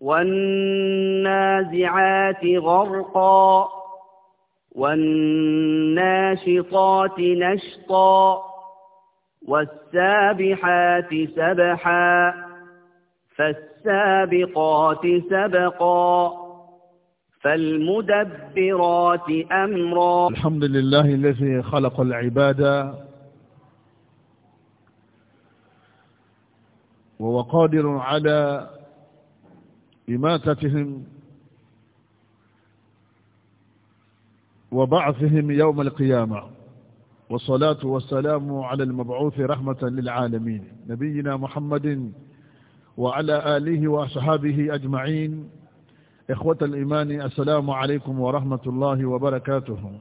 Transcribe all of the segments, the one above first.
والنازعات غرقا والناشطات نشطا والسابحات سبحا فالسابقات سبقا فالمدبرات أمرا الحمد لله الذي خلق العباد وهو قادر على إماتتهم وبعثهم يوم القيامة والصلاة والسلام على المبعوث رحمة للعالمين نبينا محمد وعلى آله وأصحابه أجمعين إخوة الإيمان السلام عليكم ورحمة الله وبركاته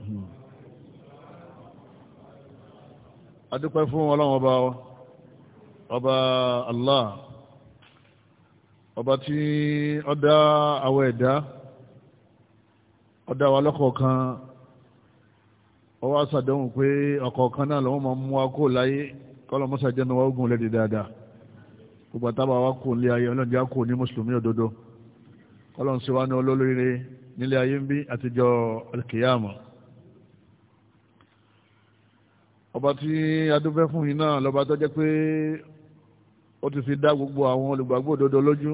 أدوك فون ولا وبا الله ọba tí ó dá àwọn ẹ̀dá ó dá wa lọ́kọ̀ọ̀kan ó wá ṣàdéhùn pé ọ̀kọ̀ọ̀kan náà lọ́wọ́ máa mú wa kó láyé kọ́lọ́mọ́sá jẹ́ náà wá ogun lẹ́dí dáadáa gbogbo àtàbà wa kò nílé ayé ọlọ́run já kò ní mùsùlùmí òdodo kọ́lọ́run sì wá ní olólórí nílé ayé ń bí àtijọ́ alkiyama ọba tí adúfẹ́ fún yìí náà lọ́ba tó jẹ́ pé ó ti fi dá gbogbo àwọn olùgbàgbọ́ òdodo lójú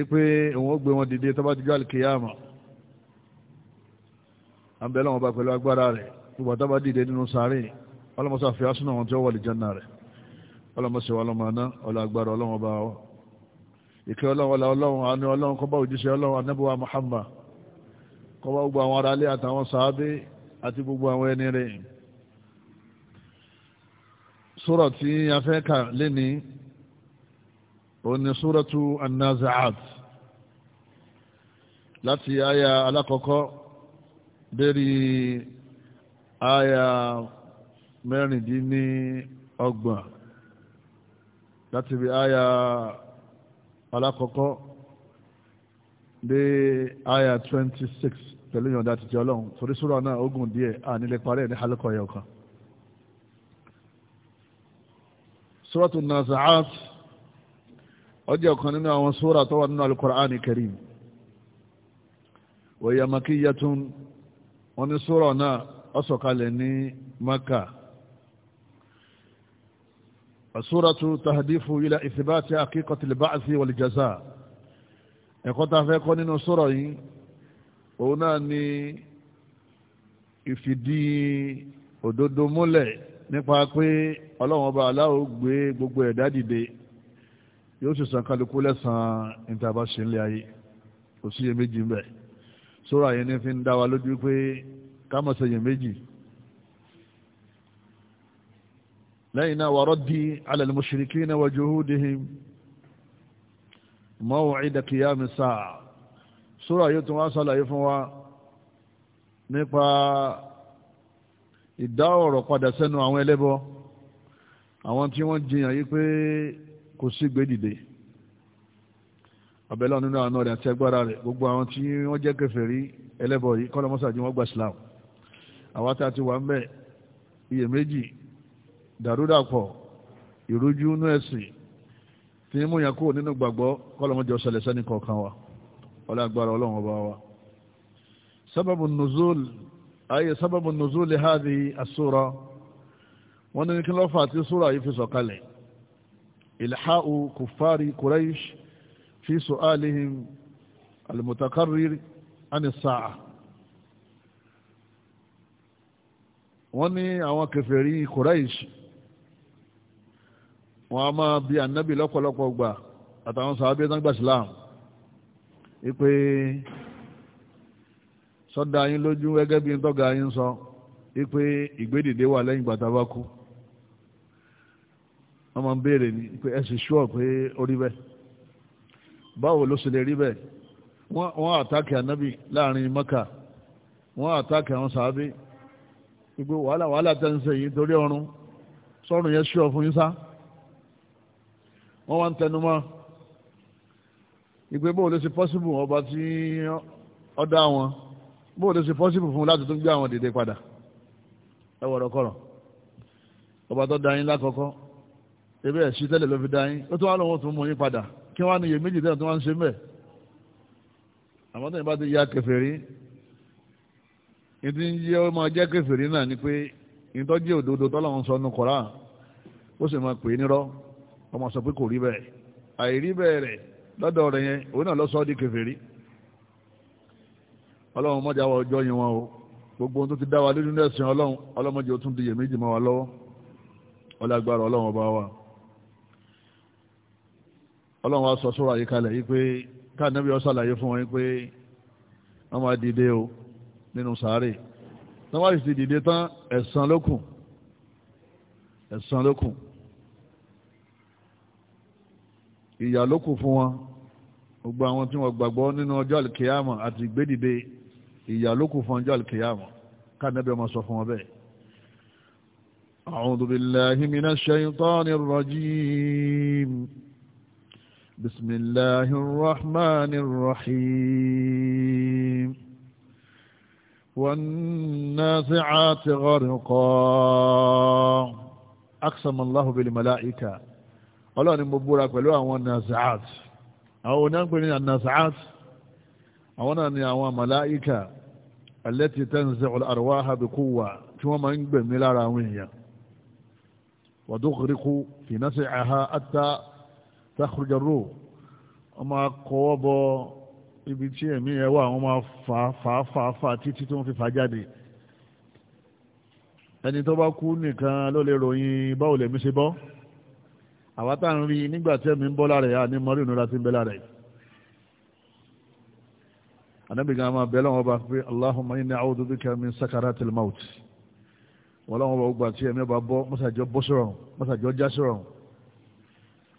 ipe òun ó gbé wọn dìde tó bá ti jọ àlìkìyàmà àbẹ̀lẹ̀ wọn bá pẹ̀lú agbára rẹ̀ gbogbo tó bá dìde nínú sáré ọlọ́mọsá fi asúnà wọn tí ó wà jẹ́nà rẹ̀ ọlọ́mọsá wà lọ́mọ aná ọlọ́wọ́n bá wọ́ ìkẹ́ ọlọ́wọ́n ọlọ́wọ́n àánú ọlọ́wọ́n kọ́ bá òjíṣẹ́ ọlọ́wọ́n súrà tí a fẹ́ kà léni òun ni súratu an-nazi'at láti àyà alákọ̀ọ́kọ́ dérí àyà mẹ́rìndínlọ́gbọ̀n láti bí àyà alákọ̀ọ́kọ́ dé àyà 26 pẹ̀lú ìyọ̀ǹda àtijọ́ ọlọ́run torí súrà náà ó gùn díẹ̀ à nílé parẹ́ ní halakọ̀ ẹ̀yọ̀kan suratu nazaat ó jẹ́ ọ̀kan nínú àwọn sura tó wà nínú alukur'an karim wa hiya makiyyatun wọ́n ní sura náà ó sọ̀kalẹ̀ ní maka suratu tahdifu ila ithbati haqiqati al-ba'thi wal jazaa ẹ̀kọ́ tá a fẹ́ kọ́ nínú sura yìí òun náà ni ìfìdí òdodo múlẹ̀ nípa pé ọlọ́run ọba aláwo gbé gbogbo ẹ̀dá dìde yóò sì san kálukú lẹ́sàn-án ìtàbá ṣe ń lé ayé kò sí iyèméjì ń bẹ̀ sóra yẹn fi ń dá wa lójú pé Na má ṣe iyèméjì lẹ́yìn náà wàrọ́ di alal mushrikina wa juhudihim maw'ida qiyami sáà sóra yóò tún wá sàlàyé fún wa nípa ìdá ọ̀rọ̀ padà sẹ́nu àwọn ẹlẹ́bọ àwọn tí wọ́n jiyàn yí pé kò sí gbèdìde abẹ́lẹ́ nínú àánú rẹ̀ àti agbára rẹ̀ gbogbo àwọn tí wọ́n jẹ́ kèfèrí ẹlẹ́bọ yìí kọ́lọ́ mọ́sàájú wọn gba Islam àwa tá a ti wà ń bẹ̀ iyèméjì dàrúdàpọ̀ ìrújú inú ẹ̀sìn tí mú yàn kúrò nínú gbàgbọ́ kọ́lọ́ mọ́jọ ṣẹlẹ̀ sẹ́ni kọ̀ọ̀kan wa ọlọ́ agbára ọlọ́run ọba wa sábàbù nùzúlù ayé sábàbù nùzúlì hádì àsúra wọ́n ní kí lọ́fà àti súra yìí fi sọ̀kalẹ̀ ìlha'u kùfàrí kùrẹ́ṣ fi sọ̀álihim almutakarir anisa'a wọ́n ní àwọn kèfèrí kùrẹ́ṣ wọ́n a máa bí ànábì lọ́pọ̀lọpọ̀ gbà àtàwọn sàábé tán gbà síláàmù sọ́dá yín lójú gẹ́gẹ́ bí tọ́gà yín sọ wípé ìgbédìde wà lẹ́yìn gbàtà bá kú wọ́n máa ń béèrè ní pé ẹ sì ṣúọ̀ pé ó rí bẹ́ẹ̀ báwo ló ṣe lè rí bẹ́ẹ̀ wọ́n àtàkì ànábì láàrin mọ́kà wọ́n àtàkì àwọn wàhálà wàhálà yìí torí ọrùn fún yín sá wọ́n wá ń tẹnu mọ́ báwo ló ṣe pọ́síbù bó o lè ṣe pọ́sibù fún un láti tún gbé àwọn dìde padà ẹ wọ̀rọ̀ kọ̀rọ̀ ọba tó da yín lákọ̀ọ́kọ́ ebi ẹ̀ sí tẹ́lẹ̀ ló fi da yín ó tún wá lóun tún mú yín padà kí wọ́n ní iye méjì tẹ́lẹ̀ tó wá ń ṣe mẹ́ àmọ́ tó yín bá ti ya kèfèrí ìdí ń yẹ ọmọ jẹ́ kèfèrí náà ni pé ìtọ́jú òdodo tọ́lọ́run sọ nu kọ́ra ó sì máa pè é nírọ́ ọmọ sọ pé kò rí bẹ́ẹ̀ àìrí bẹ́ẹ̀ rẹ̀ lọ́dọ̀ rẹ̀ yẹn òun náà lọ sọ ọ́ di kèfèrí ọlọ́run mọ́jà wọ ọjọ́ yìí wọn o gbogbo ohun tó ti dá wa lójú ẹ̀sìn ọlọ́run ọlọ́mọdé ó tún di iyèméjì mọ́ wa lọ́wọ́ ọlágbára ọlọ́run ọba wa ọlọ́run wa sọ sọ́rọ̀ àyíkalẹ̀ yìí pé káàdínàbí ọ sàlàyé fún wọn pé wọ́n máa dìde o nínú sàárè wọ́n máa sì dìde tán ẹ̀san lókùn ẹ̀san lókùn ìyà lókùn fún wọn gbogbo àwọn tí wọ́n gbàgbọ́ nínú ọjọ́ àlùkìyàmọ̀ àti ìgbédìde ìyà ló kù fún ọjọ́ àlùkìyàmọ̀ káàdébẹ̀ ọmọ sọ fún ọ bẹ́ẹ̀. أعوذ بالله من الشيطان الرجيم بسم الله الرحمن الرحيم والنازعات غرقا أقسم الله بالملائكة ọlọ́run ni mo búra pẹ̀lú àwọn nazaat àwọn onígbẹ̀rẹ̀ nazaat àwọn náà ni àwọn màláíkà alẹ́tì tẹ́ǹsẹ̀ àrùwáhà bí kú wà tí wọ́n máa ń gbẹ̀mí lára àwọn èèyàn wàdókòríkú fìnásẹ̀ àhá àtà tákùrùjọ́rò wọ́n máa kọ́wọ́ bọ ibi tí ẹ̀mí ẹ̀ wà wọ́n máa fà fà fà fà títí tí wọ́n fi fà jáde ẹni tó bá kú nìkan ló lè ròyìn báwo lèmi ṣe bọ́ àwa ń rí nígbà tí ẹ̀mí ń bọ́ lára ẹ̀ àní mọ́rí ìnura ti ń bẹ lára ẹ̀ anábì gan máa bẹ̀rẹ̀ wọn bá pé Allahumma inni a'udhu bika min sakaratil maut wọn lọ́wọ́ bá gbà tí ẹ̀mí ọba bọ́ mọ́sàjọ́ bọ́ sọ̀rọ̀ mọ́sàjọ́ já sọ̀rọ̀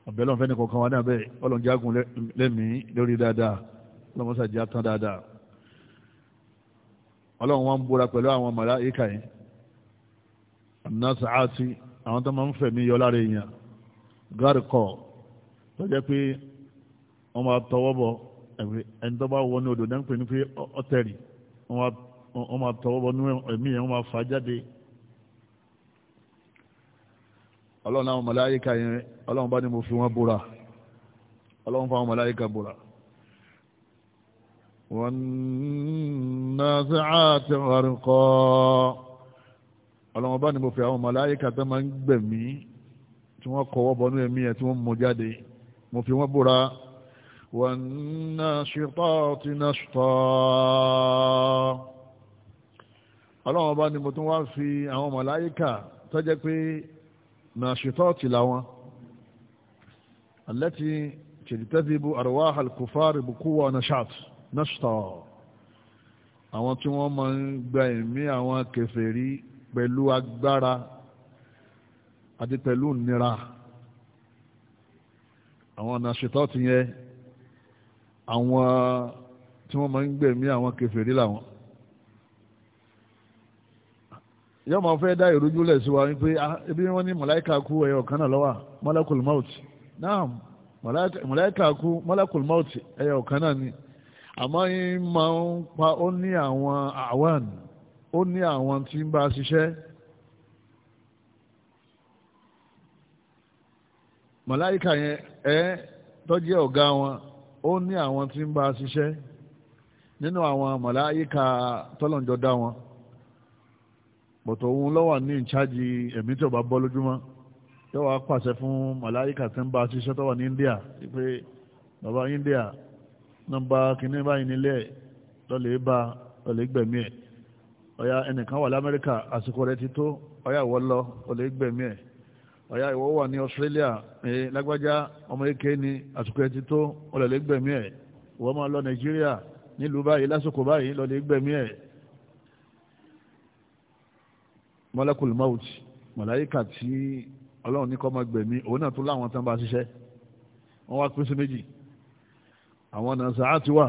ọ̀bẹ̀lẹ̀ ọ̀fẹ́ nìkan kan wà náà bẹ́ẹ̀ ọlọ́njágùn lẹ́mìí lórí dáadáa ọlọ́mọ́sàjá tán dáadáa ọlọ́run wọn ń búra pẹ̀lú àwọn màláíkà yìí anásàásì àwọn tó máa ń fẹ̀mí yọ lára èèyàn gárìkọ̀ tó jẹ́ pé wọ́n máa tọwọ́ bọ̀ ẹ̀wẹ̀ ẹni tó bá wọ ní odò náà ń pè ní pé ọ̀tẹ̀rì wọ́n máa tọwọ́ bọ nínú ẹ̀mí yẹn wọ́n máa fà jáde. ọlọ́run àwọn màláíkà yẹn ọlọ́run bá ní mo fi wọ́n búra ọlọ́run fáwọn màláíkà búra. wọ́n ná sí àti ọ̀rìnkọ́ ọlọ́run bá ní mo fi àwọn màláíkà tó máa ń gbẹ̀mí tí wọ́n kọwọ́ bọ nínú ẹ̀mí yẹn tí wọ́n mú jáde mo fi wọ́n búra. والناشطات نشطا ọlọ́run ọba ni mo tún wá fi àwọn màláíkà tó jẹ́ pé nàṣítọ́ọ̀tì làwọn alẹ́tì tẹ̀lítẹ́síbu àrùwá alkùfárì bukúwà nashat nashta àwọn tí wọ́n máa ń gba ẹ̀mí àwọn kèfèrí pẹ̀lú agbára àti pẹ̀lú nira àwọn nàṣítọ́ọ̀tì yẹn àwọn tí wọ́n máa ń gbẹ̀mí àwọn kèfèrí làwọn yóò máa fẹ́ dá ìrújú lẹ̀ sí wa wípé ah, ebi wọ́n ní màláìka kú ẹyọ kan náà lọ́wọ́ malakul maut náà màláìka kú malakul maut ẹyọ kan náà ni àmọ́ yín máa ń pa ó ní àwọn àwọn ó ní àwọn tí ń bá ṣiṣẹ́ màláìka yẹn ẹ tọ́jú ọ̀gá wọn ó ní àwọn tí ń bá a ṣiṣẹ́ nínú àwọn màláíkà tọ́lọ̀njọ́ dá wọn bọ̀tọ̀ òun ló wà ní ìchájì ẹ̀mí tí ó bá bọ́ lójúmọ́ tó wàá pàṣẹ fún màláíkà tí ń bá a ṣiṣẹ́ tó wà ní India pé bàbá India nọ́mbà kìíní báyìí nílẹ̀ lọ́lẹ̀ bá lọ́lẹ̀ gbẹ̀mí ẹ̀ ọ̀yà ẹnìkan wà l'Amẹ́ríkà àsìkò rẹ̀ ti tó ọ̀yà wọ́ lọ lọ́lẹ̀ gbẹ̀mí ẹ̀ ọ̀yá ìwọ wà ní Australia lágbájá ọmọ èké ni àsìkò ẹ ti tó ọlọ́lẹ́gbẹ̀mí ẹ̀ ìwọ máa lọ Nàìjíríà nílùú báyìí lásìkò báyìí lọ́lẹ́gbẹ̀mí ẹ̀ mọ́lẹ́kùlù mọ́ọ̀tì màláyíkà tí ọlọ́run ní kọ́ máa gbẹ̀mí òun náà tó láwọn tán bá ṣiṣẹ́ wọ́n wá pín sí méjì àwọn nàṣà ti wà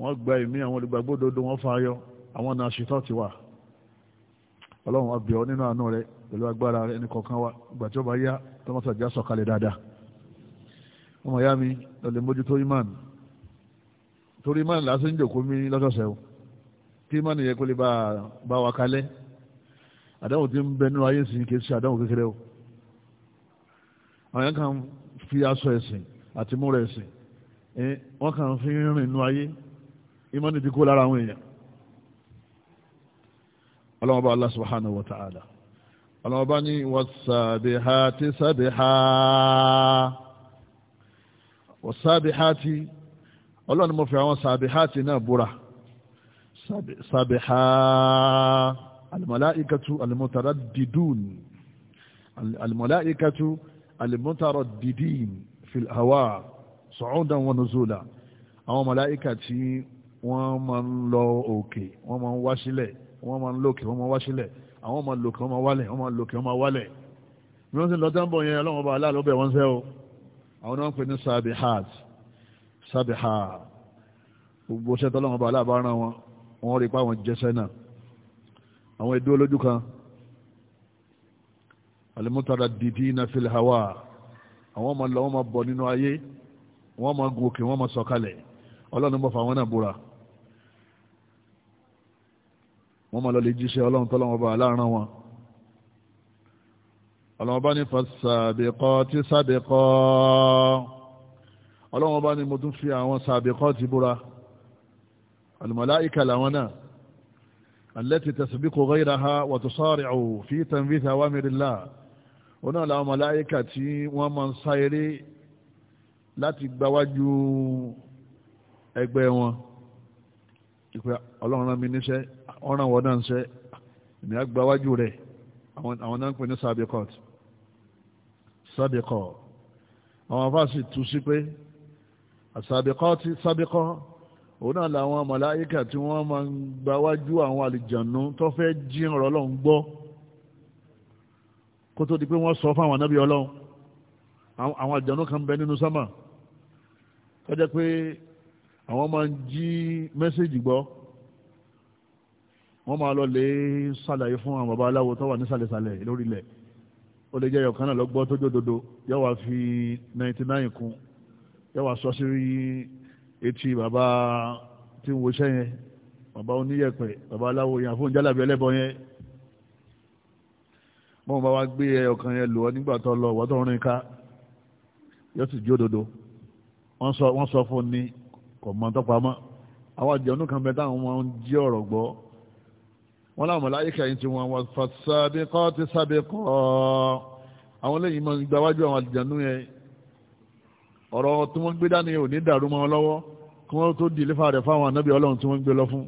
wọ́n gba ẹ̀mí àwọn olùgbàgbọ́dọ̀dọ̀ wọ́n fa àwọn nàṣìtọ́ ti wà ọlọ́run ọbẹ̀ ọ nínú àánú rẹ pẹ̀lú agbára rẹ ní kọ̀ọ̀kan wa ìgbà tí ó bá yá tọ́mọ́tò àjà sọ̀kalẹ̀ dáadáa ọmọ ìyá mi lọ́lẹ̀ mójútó imán torí imán lásán jòkó mi lọ́sọ̀ọ̀sẹ̀ o kí imán yẹ kó lè bá wa kalẹ̀ àdáwò tí ń bẹ nínú ayé sìn kì í ṣe àdáwò kékeré o àwọn yẹn kàn fi aṣọ ẹ̀sìn àti múra ẹ̀sìn wọ́n kàn fi rìn nínú ayé imán ti kó lára àwọn èèyàn ọlọ́wọ́n bá Allah subhanahu wa ta'ala ọlọ́wọ́n bá ní was-sabihati sabiha was-sabihati ọlọ́run mo fi àwọn sabihati náà búra sabiha al-mala'ikatu al-mutaraddidun al-mala'ikatu al-mutaraddidin fi al àwọn mala'ika wọ́n máa ń lọ òkè wọ́n máa ń wá sílẹ̀ wọ́n máa ń lókè wọ́n máa wá sílẹ̀ àwọn máa lókè wọ́n máa wálẹ̀ wọ́n máa lókè wọ́n máa wálẹ̀ bí wọ́n ti lọ dáńbọ̀ yẹn ọlọ́wọ́n bá aláàlọ́ wọ́n sẹ́ o àwọn náà ń ní sabihat gbogbo ṣẹ́ tọ́lọ́wọ́n bá aláàbá wọn wọ́n rí pa àwọn jẹ́sẹ́ náà àwọn ìdúró lójú kan al-mutaraddidina fil hawa àwọn máa lọ wọ́n máa bọ̀ nínú ayé wọ́n máa gòkè wọ́n máa sọ̀kalẹ̀ ọlọ́run bọ̀ fà wọn náà wọ́n máa lọ lè jíṣẹ́ ọlọ́run tọ́lọ́wọ́n bá láàrin wọn ọlọ́run bá ní fàṣàbẹ̀kọ́ tí sàbẹ̀kọ́ ọlọ́run bá ní mo tún fi àwọn sàbẹ̀kọ́ ti búra alìmọ̀láìkà làwọn náà alẹ́tì tẹ̀sìbíkò gẹ́ra ha wàtò sọ́ọ̀rì ọ̀ fi tẹ̀m̀bíta wà mìírìlá ó náà làwọn mọ̀láìkà tí wọ́n máa ń sá láti gbáwájú ẹgbẹ́ wọn ìpè ọlọ́run rán mi níṣẹ́ ọ̀ràn wọ́n náà ń ṣe èmi á gba wájú rẹ̀ àwọn náà ń pè ní sábẹ́kọ̀t sábẹ́kọ̀ àwọn afáàsì tú sí pé àsábẹ́kọ̀ ti sábẹ́kọ̀ òun náà làwọn màláíkà tí wọ́n máa ń gba wájú àwọn àlìjànú tó fẹ́ jí ọ̀rọ̀ ọlọ́run gbọ́ kó tó di pé wọ́n sọ fáwọn anábì ọlọ́run àwọn àlìjànú kan bẹ nínú sámà tó jẹ́ pé àwọn máa ń jí mẹ́sẹ̀jì gbọ́ wọ́n máa lọ lè ṣàlàyé fún àwọn baba aláwo tó wà nísàlẹ̀sàlẹ̀ lórílẹ̀ ó lè jẹ́ ẹ̀yọ̀kan náà lọ́gbọ́ tó jódodo yóò wá fi ninety nine kún yóò wá sọ sí etí baba tí ń woṣẹ́ yẹn baba oníyẹ̀pẹ̀ baba aláwo yẹn àfóun jálàbí ẹlẹ́bọ yẹn wọ́n bá wá gbé ẹ̀yọ̀kan yẹn lò ọ́ nígbà tó lọ wọ́n tó rìn ká yóò sì jódodo wọ́n sọ fún ni kò mọ́ tọ́pamọ́ àwọn àjọ̀nù kan bẹ táwọn máa wọ́n láwọn màláíkà yìí tí wọ́n wọ́n fàṣàbíkọ́ ti sàbíkọ́ àwọn lẹ́yìn mọ́ gbáwájú àwọn àlìjànú yẹn ọ̀rọ̀ tí wọ́n gbé dání ò ní dàrú mọ́ lọ́wọ́ kí wọ́n tó di ilé-fà rẹ̀ fáwọn ànábì ọlọ́run tí wọ́n gbé lọ fún.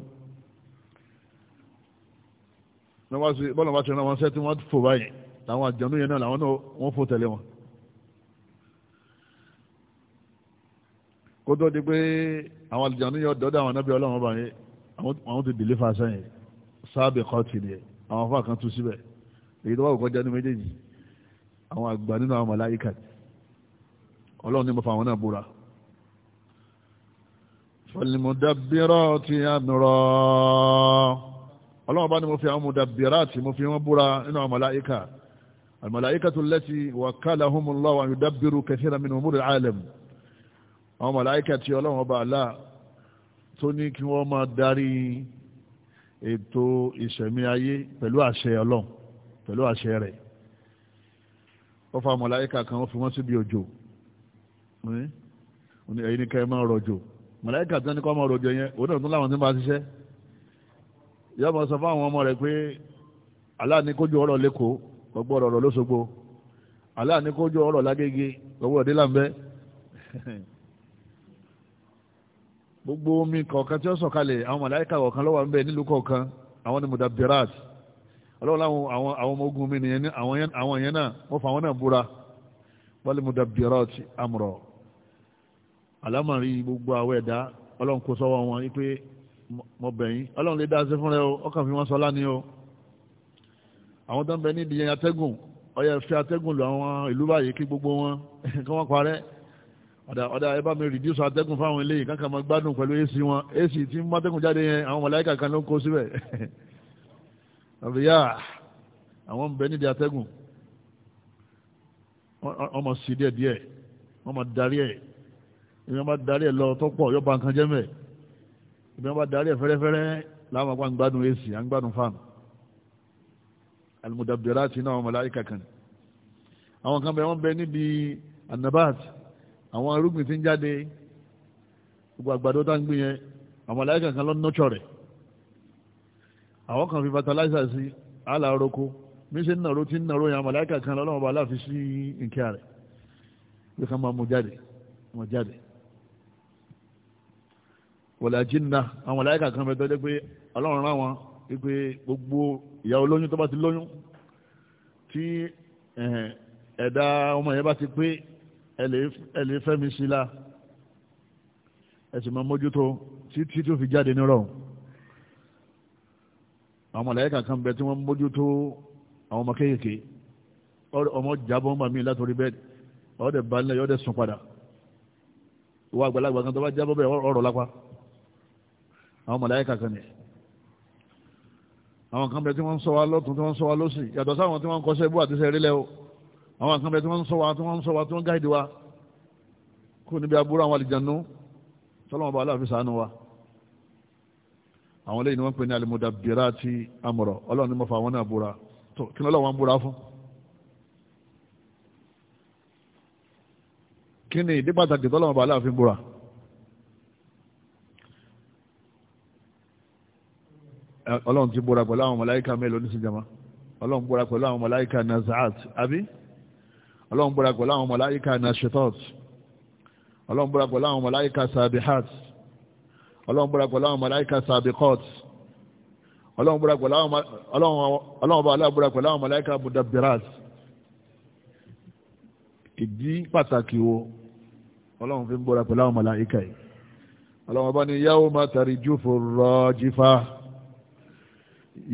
bọ́lá wá ti rán wọn sẹ́ tí wọ́n fò báyìí làwọn àlìjànú yẹn náà làwọn náà wọ́n fò tẹ̀lé wọn. kó di pé àwọn àlìjànú yẹn dọ́dọ̀ àwọn ànábì ọlọ́run ọba yẹn àwọn ti di ilé sẹ́yìn sábẹ̀kọ́ ti rẹ̀ àwọn afọ àkàntú síbẹ̀ èyí tó wà kọjá ní méjèèjì àwọn àgbà nínú àwọn màláíkà ọlọ́run ní mo fa àwọn náà búra fọlìmùdàbíràtì àmìrọ̀ ọlọ́run bá ní mo fi àwọn mùdàbíràtì mo fi wọ́n búra nínú àwọn màláíkà الملائكة التي وكلهم الله أن يدبروا كثيرا من أمور العالم àwọn màláíkà tí ọlọ́run ọba àlá ètò ìṣẹ̀mí ayé pẹ̀lú àṣẹ ọlọ́run pẹ̀lú àṣẹ rẹ̀ ó fa mọ̀láyíkà kan ó fi wọ́n síbi òjò ẹ̀yin ni kẹ́ ẹ máa rọ̀jò mọ̀láyíkà tí wọ́n ní kọ́ máa rọ̀jò yẹn òun náà tún láwọn tí wọ́n bá ṣiṣẹ́ yóò máa sọ fáwọn ọmọ rẹ̀ pé aláàní kójú ọ̀rọ̀ lẹ́kọ̀ọ́ gbogbo ọ̀rọ̀ lọ́sọ̀gbọ̀ aláàní kójú ọ̀rọ̀ lágége gbogbo ọ̀dẹ́làmbẹ́ gbogbo omi kọ̀ọ̀kan tí ó sọ̀kalẹ̀ àwọn màláìka kọ̀ọ̀kan ló wà ńbẹ̀ nílùú kọ̀ọ̀kan àwọn ni mudabirat ọlọ́run láwọn àwọn ọmọ ogun mi nìyẹn àwọn yẹn náà wọ́n fa àwọn náà búra wal mudabirat amra alámàrí gbogbo àwọ̀ ẹ̀dá ọlọ́run kò sọ́wọ́ wọn pé mo bẹ̀ yín ọlọ́run lè dáa sí fúnra o ọkàn fi wọ́n sọ lánìí o àwọn tó ń bẹ nídìí atẹ́gùn ọyẹ fi atẹ́gùn lọ àwọn ìlú báyìí kí gbogbo wọn kí wọ́n parẹ́ ọ̀dà ọ̀dà ẹ bá mi reduce atẹ́gùn fáwọn eléyìí kankan máa gbádùn pẹ̀lú ac wọn ac tí ń mọ́tẹ́gùn jáde yẹn àwọn mọ̀láyíkà kan ló ń kó síbẹ̀ àbíyá àwọn ń bẹ nídìí atẹ́gùn wọ́n mọ̀ sí díẹ̀ díẹ̀ wọ́n mọ̀ darí ẹ̀ ìyẹn bá darí ẹ̀ lọ tó pọ̀ yóò ba nǹkan jẹ́ mẹ́ ìyẹn bá darí ẹ̀ fẹ́rẹ́fẹ́rẹ́ láwọn apá ń gbádùn ac à ń gbádùn fáàmù almudabirati náà àwọn mọ̀láyíkà kan àwọn kan bẹ wọ́n bẹ níbi anabat àwọn irúgbìn tí ń jáde gbogbo àgbàdo tá ń gbìn yẹn àwọn aláìka kan lọ nọ́tsọ̀ rẹ̀ àwọn kan fi fertilizer sí àlàroko mísè nàró tí nàró yẹn àwọn aláìka kan lọ́wọ́ aláfi sí nkẹ́ rẹ̀ bí ká máa mú jáde mú jáde wọ̀lẹ̀ àjínà àwọn aláìka kan fẹ́ tọ́jú pé ọlọ́run rán wọn pé gbogbo ìyá olóyún tó bá ti lóyún tí ẹ̀dá ọmọ yẹn bá ti pé ẹ̀lẹ́ fẹ́mi sí la ẹ̀sìn máa mójútó títí tó fi jáde nírọ̀ àwọn mọ̀lẹ́kà kan bẹ tí wọ́n mójútó àwọn ọmọ kéékèèké ọmọ jábọ̀ ọmọ mi látòrí bẹ́ẹ̀ ọ̀dẹ̀ balẹ̀ ọ̀dẹ̀ sùn padà ìwà àgbàlagbà kan tó bá jábọ̀ bẹ́ẹ̀ ọ̀rọ̀ lápá àwọn mọ̀láyíkà kan ní àwọn kan bẹ tí wọ́n ń sọ wa lọ́tún tí wọ́n ń sọ wa lọ́sì yàtọ̀ sáwọn tí wọ́n ń kọsẹ́ ibú àti sẹ́rí lẹ́wọ́ àwọn kan bẹ tí wọ́n ń sọ wa tí wọ́n ń sọ wa tí wọ́n gáìdì wa kó níbi aburú àwọn àlìjànú tọ́lọ́mọba aláàfin sànú wa àwọn lẹ́yìn ni wọ́n ń pè ní almudabbirati amra ọlọ́run ni mo fa àwọn náà búra tó kí lọ́lọ́ wọn búra fún. kí ni ìdí pàtàkì tọ́lọ́mọba aláàfin búra. ọlọ́run ti búra pẹ̀lú àwọn màláíkà mélòó ní sinjama ọlọ́run búra àwọn màláíkà nazaat àbí ọlọ́run búra pẹ̀lú àwọn mọ̀láyíká nashitot ọlọ́run búra pẹ̀lú àwọn mọ̀láyíká sabihat ọlọ́run búra pẹ̀lú àwọn mọ̀láyíká sabikot ọlọ́run búra pẹ̀lú àwọn mọ̀láyíká mudabbirat ìdí pàtàkì wo ọlọ́run fi ń búra pẹ̀lú àwọn mọ̀láyíká yìí ọlọ́run bá ní yawma tarjufu rajifa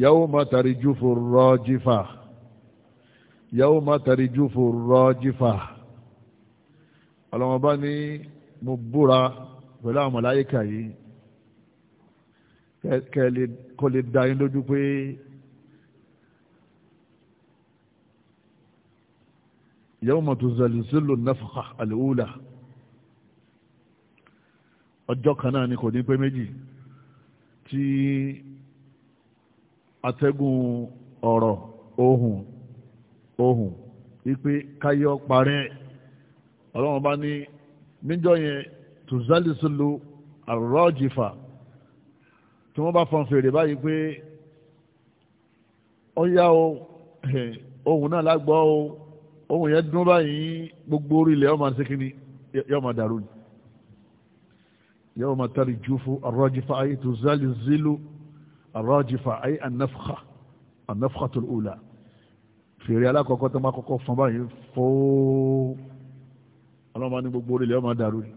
yawma tarjufu rajifa yàwó má tàrí júfò rọ́jífà ọlọ́mọba ní mo búra pẹ̀lú àwọn màláíkà yìí kó lè dá yín lójú pé yàwó má tó zàlùsílù náfà àlùhùlà ọjọ́ kan náà ni kò ní pé méjì tí atẹ́gùn ọ̀rọ̀ ohun ohun wípé káyọ́ parẹ́ ọlọ́run bá ní níjọ́ yẹn tùzálìsílù àrọ́jìfà tí wọ́n bá fọn fèrè báyìí pé ó yá o ohun náà lágbọ́ o ohun yẹn dún báyìí gbogbo orí ilẹ̀ ọmọ síkíní yóò máa dàrú ni yóò máa tari júfu àrọ́jìfà ayé tùzálìsílù àrọ́jìfà ayé anáfà anáfà tó lù fèrè alákọ̀ọ́kọ́ tó máa kọ́kọ́ fún báyìí fóó ọlọ́mọ ní gbogbo orílẹ̀ ọmọ dàrú ni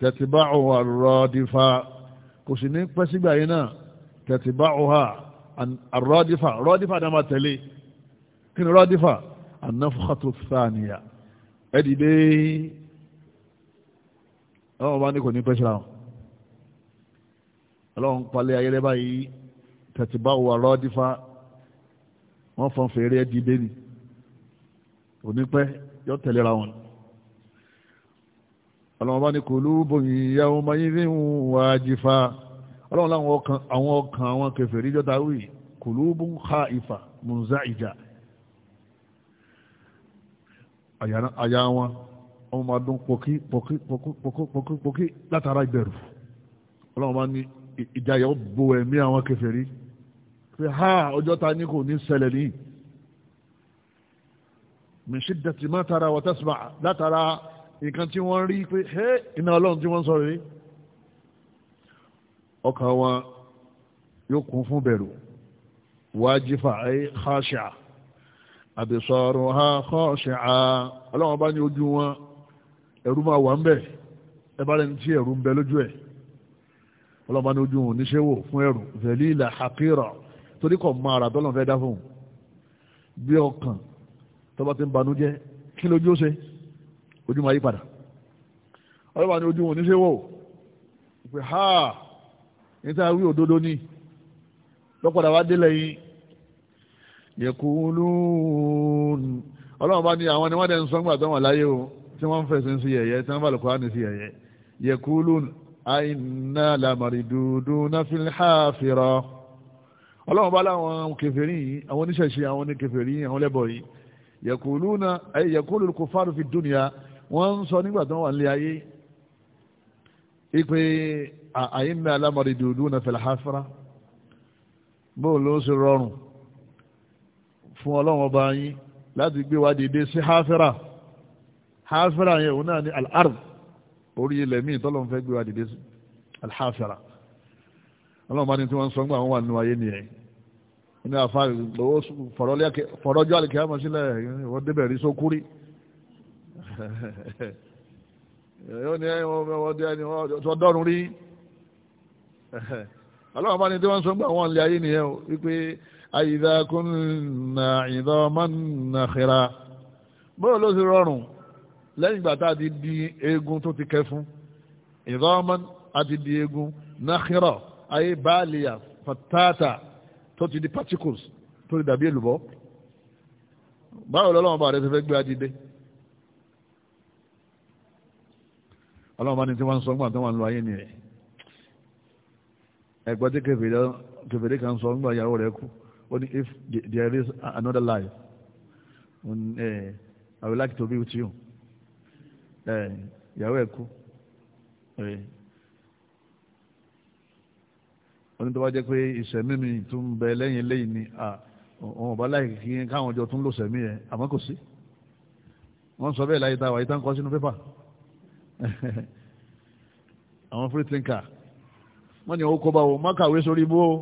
tẹ̀tìbá òhà rọ́ọ̀dífà kò sì ní pẹ́ sígbà yìí náà tẹ̀tìbá òhà rọ́ọ̀dífà rọ́ọ̀dífà náà máa tẹ̀lé kí ni rọ́ọ̀dífà anáfọ́kàtò sáàníyà ẹ dìde ọlọ́mọ bá ní kò ní pẹ́ síra ọlọ́run palẹ̀ ayẹlẹ́ báyìí tẹ̀tìbá òhà rọ́ọ̀dífà wọ́n fọn fèrè ẹ́ dìde ni onípẹ́ yọ tẹ̀lera wọn. ọlọ́run bá ní kò lóbò ìyá ọmọ yìí fi ń wá jìfà ọlọ́run láwọn ọkàn àwọn ọkàn àwọn kẹfẹ́rí jọta wì kò lóbò ń ha ìfà mùnzá ìjà àyà wọn wọ́n máa dún pọ̀kí pọ̀kí pọ̀kí pọ̀kí pọ̀kí látara ìbẹ̀rù ọlọ́run bá ní ìjà yọ bo ẹ̀mí àwọn kẹfẹ́rí pé ha ọjọ́ ta ní kò ní ṣẹlẹ̀ ní min shiddati ma tara wa tasma' látara nǹkan tí wọ́n rí pé hé iná ọlọ́run tí wọ́n sọ rèé ọkàn wọn yóò kún fún bẹ̀rù wájífà ẹ khashi'a absaruha khashi'a ọlọ́run bá ní ojú wọn ẹ̀rú máa wà ń bẹ̀ ẹ bá lẹ́ni tí ẹ̀rú ń bẹ lójú ẹ̀ ọlọ́run bá ní ojú wọn oníṣẹ́wò fún ẹ̀rù zalila haqira torí kọ̀ máa rà tọ́lọ̀ fẹ́ dá fún un bí ọkàn tó bá ti ń banújẹ́ kí lójú ó ṣe ojú máa yí padà ọlọ́pàá ni ojú wọn ní ṣe wò pé ha níta wí òdodo ni lọ́pàdà wá dé lẹ́yìn yẹkùlùún ọlọ́run bá ní àwọn ni wọ́n dẹ̀ ń sọ nígbà tó wọ́n láyé o tí wọ́n ń fẹ̀sìn sí ẹ̀yẹ tí wọ́n bá lùkọ́ ní sí ẹ̀yẹ yẹkùlùún àìnà làmàrìdùdù náà fi hàfìrọ̀ ọlọ́run bá láwọn kèfèrí yìí àwọn oníṣẹ̀ṣe àwọn ní kèfèrí yìí àwọn lẹ́bọ̀ yìí yẹ̀kùlúna ay yẹ̀kùlú al-kufaru fi dunya wọ́n ń sọ nígbà tó wà nílé ayé ipe àyínná alámọ̀rì dùdú na fil hafra bóun ló ń ṣe rọrùn fún ọlọ́run ọba yín láti gbé wa dìde sí hafra hafra yẹn òun náà ní al orí ilẹ̀ míì tọ́lọ́run fẹ́ gbé wa dìde sí al ọlọ́run bá ní tí wọ́n ń sọ nígbà wọn wà nínú ayé nìyẹn ní àfáàrí lówó fọ̀rọ̀jọ́ àlèkè àmọ́ sílẹ̀ wọ́n débẹ̀ rí sókúrí yóò ní wọ́n dé ẹni wọ́n dọ́rùn rí ọlọ́run bá ní tí wọ́n ń sọ nígbà wọn lé ayé nìyẹn o wípé àyíká kúnnà ìdọ́ mọ́nàkìrà bóyá ló ti rọrùn lẹ́yìn ìgbà tá a ti di eegun tó ti kẹ fún ìdọ́ mọ́n a ti di eegun náà kírọ̀ ayé báàlìyà fatata tó ti di particles tó ti dàbí èlùbọ́ báwo lọ́lọ́wọ́n bá rẹ̀ ti fẹ́ gbé adìde ọlọ́wọ́n bá ní tí wọ́n ń sọ gbọ́n tó wọ́n ń lo ayé ni rẹ̀ ẹgbọ́n tí kẹfẹ́rẹ́ kan sọ gbọ́n ìyàwó rẹ̀ kú ó ní if there is another life eh, I would like to be with you eh, ìyàwó ẹ̀ kú eh, onítọ́wá jẹ́ pé ìṣẹ̀mí mi tó ń bẹ lẹ́yìn lẹ́yìn ni ọ̀hún ọ̀bá láì kí káwọn ọjọ́ tó ń lò sẹ̀mí ẹ̀ àmọ́ kò sí wọ́n sọ bẹ́ẹ̀ láyé táwa yìí kọ́ sínú pépà àwọn free thinker wọ́n ní ọkọ̀ bá wo má kàwé sórí ibú o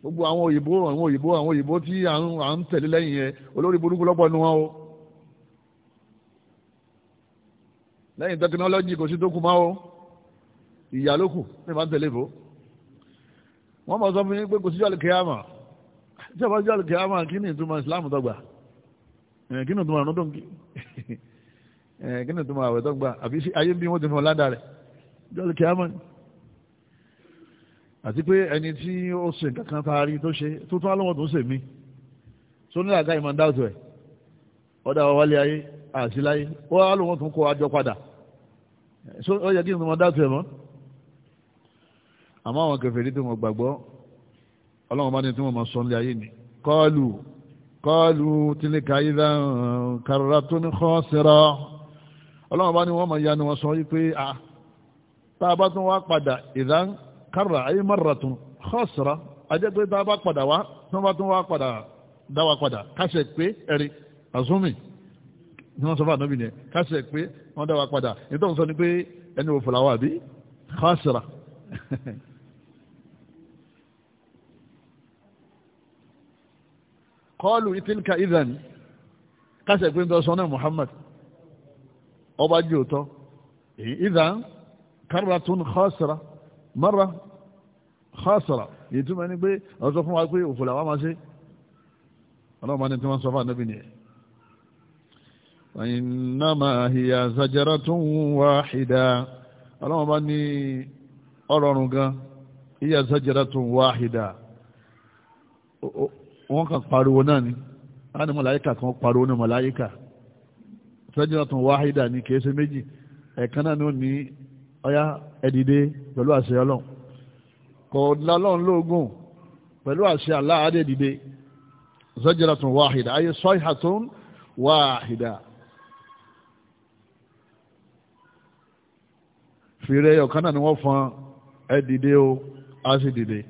gbogbo àwọn òyìnbó àwọn òyìnbó àwọn òyìnbó tí à ń tẹ̀lé lẹ́yìn yẹn olórí burúkú lọ́pọ̀ nu wọn o lẹ́yìn tẹkinọ́lọ́jì kò sí tó kù máa o ìyá ló kù ní ìbá ń tẹ̀lé ìbò wọ́n mọ̀ sọ fún yín pé kò síjọ́ alìkìyàmà tí a bá síjọ́ alìkìyàmà kí ni ìtumọ̀ ìsìláàmù tọ́gbà kí ni ìtumọ̀ àrùn dọ́ǹkì kí ni ìtumọ̀ àwẹ̀ tọ́gbà àbí ayé bí wọ́n ti fún ọ̀ládà rẹ̀ síjọ́ alìkìyàmà ni àti pé ẹni tí ó ṣe nǹkan kan taari tó ṣe tó tún alọ́wọ́ tó ń ṣe mí tó ní àga ìmọ̀ dáàtò ẹ̀ ọ̀dà wálé ayé àmọ́ àwọn kèfèrí tí wọ́n gbàgbọ́ ọlọ́run bá ní tí wọ́n máa sọ nílé ayé ni kọ́ọ̀lù kọ́ọ̀lù tilka idha um, karratun khasira ọlọ́run bá ní wọ́n máa yanu wọn sọ wípé a tá a bá tún wá padà idha karra ayé marratun khasira ajẹ́ pé tá a bá padà wá tán bá padà dá pé ẹ̀rí àzúmì ni wọ́n sọ fún ànábì kọ́ọ̀lù ìtìlíkà ìdàn kásẹ̀ pé ń tọ́ sọ́nà Muhammad ọba jù tọ́ ìdàn kára tún khasara mara khasara èyí tó máa ní pé ọ̀sọ́ fún wa pé òfòlà wa máa ṣe ọlọ́run máa ní tí wọ́n sọ fún ànábì nìyẹn. ìnáma hiya zajaratun wahida ọlọ́run bá ní ọlọ́run gan hiya zajaratun wahida wọ́n kàn pariwo náà ni a ní màláíkà kan pariwo ní màláíkà sajdatun wahida ní kìí ṣe méjì ẹ̀kan náà ni ó ní ọyá ẹ̀dìdé pẹ̀lú àṣẹ ọlọ́run kò lálọ́run lóògùn pẹ̀lú àṣẹ aláàdé dìde sajdatun wahida ayé sayhatun wahida fìrẹ́ ọ̀kan náà ni wọ́n fọn ẹ̀dìdé o á sì dìde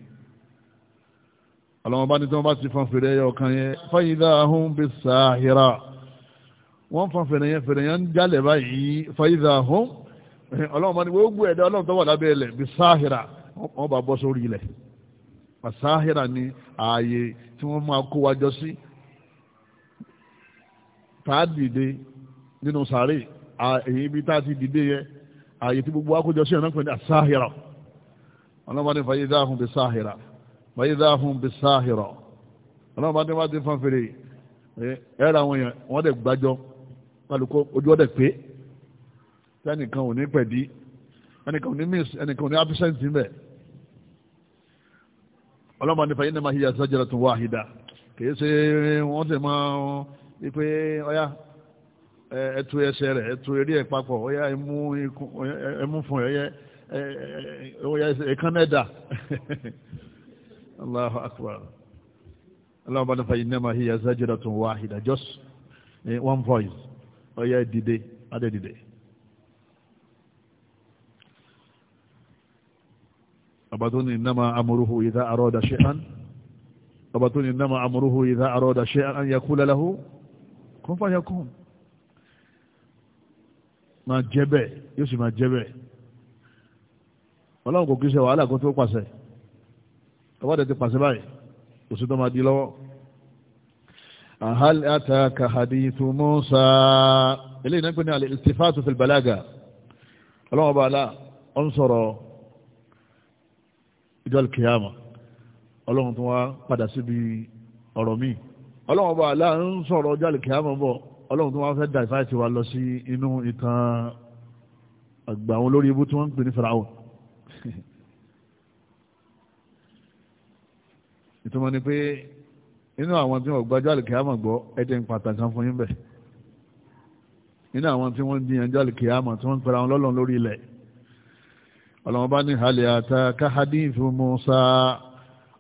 ọlọ́wọ́n bá ní tí wọ́n bá ti fọn fèrè ẹyọ kan yẹn fayidá ahun bí sàáhìrà wọ́n fọn fèrè yẹn fèrè yẹn ń jálẹ̀ báyìí fayidá ahun ọlọ́wọ́n bá ní gbogbo ẹ̀dá ọlọ́wọ́n tó wà lábẹ́ ilẹ̀ bí sàáhìrà wọ́n bá bọ́ sórí ilẹ̀ sàáhìrà ni ààyè tí wọ́n máa kó wa jọ sí tá a dìde nínú sàárè èyí ibi tá a ti dìde yẹn ààyè tí gbogbo akójọ sí ọ̀nà pẹ̀lú sàáhìrà ọlọ́wọ́n bá ní fayidá ahun bí sàáhìrà wàyídá fún bisáhìrọ̀ ọlọ́run bá dé wá dé fún fèrè ẹ̀rọ àwọn èèyàn wọ́n dẹ̀ gbájọ́ kálukó ojú ọ̀dẹ̀ pé ẹnìkan ò ní pẹ̀dí ẹnìkan ò ní miss ẹnìkan ò ní absent níbẹ̀ ọlọ́run bá ní fàyín náà máa hiyà sájẹ́rẹ́ tó wá àhídá kìí ṣe wọ́n ti máa ń pé ọ̀yá ẹ̀tú ẹsẹ̀ rẹ̀ ẹ̀tú eré ẹ̀ papọ̀ ọ̀yá ẹ̀mú fún ẹ̀yẹ ẹ̀kan náà Allahu akbar aláwọ̀ bá ní fàyín náà hiya zajratun wahida just eh, one voice ọ̀yá ìdìde adẹ́dìde ọba tó ní innama amruhu idha arada shay'an ọba tó ní innama amruhu idha arada shay'an an yaqula lahu kun fayakun máa jẹ́ bẹ́ẹ̀ yóò sì máa jẹ́ bẹ́ẹ̀ ọlọ́run kò kí ṣe wàhálà kó tó pàṣẹ ọwọ́dẹ ti pàṣẹ báyìí kò sí tó máa di lọ́wọ́ ahal ataka hadithu musa eléyìí náà pé ní alẹ́ istifatu fil balaga ọlọ́wọ́ bá alá ọ ń sọ̀rọ̀ ìjọ kìyàmà ọlọ́run tó wá padà síbi ọ̀rọ̀ míì ọlọ́run bá alá ń sọ̀rọ̀ ìjọ kìyàmà bọ̀ ọlọ́run tó wá fẹ́ dà ìfáìtì wa lọ sí inú ìtàn àgbà àwọn olórí ibú tí wọ́n ń pè ní faraon ìtumọ̀ ni pé nínú àwọn tí wọ́n gbájú àlùkìyàmọ̀ gbọ́ ẹ̀jẹ̀ ń pàtàkì kan fún yín bẹ̀ nínú àwọn tí wọ́n ń gbìyànjú àlùkìyàmọ̀ tí wọ́n ń pera wọn lọ́lọ́run lórí ilẹ̀ ọlọ́wọ́n bá ní halẹ̀ àta káhadí fún Musa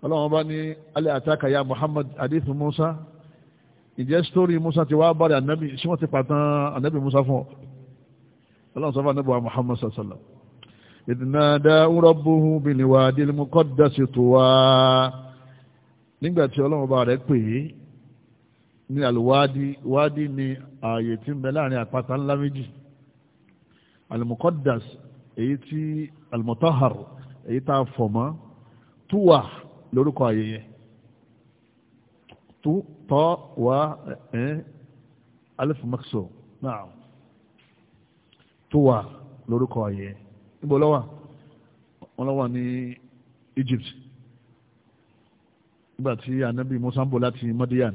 ọlọ́wọ́n bá ní halẹ̀ àta kàyà Muhammad adé fún Musa ìjẹ́ sítórí Musa ti wá bàrẹ̀ ànábì sí wọ́n ti pàtàn ànábì Musa fún ọ ọlọ́wọ́n sọ nígbàtí ọlọ́run bá rẹ̀ pè é ní àlùwádìí wádìí ní ààyè tí ń bẹ láàrin àpáta ńlá méjì alimukodas èyí tí alimutahar èyí tá a fọ̀ mọ́ túwà lórúkọ ààyè yẹn tú tọ́ wá ẹ̀ alif makso náà túwà lórúkọ ààyè yẹn níbo ló wà wọ́n ní Egypt nígbà tí anabi musa ń bọ̀ láti madian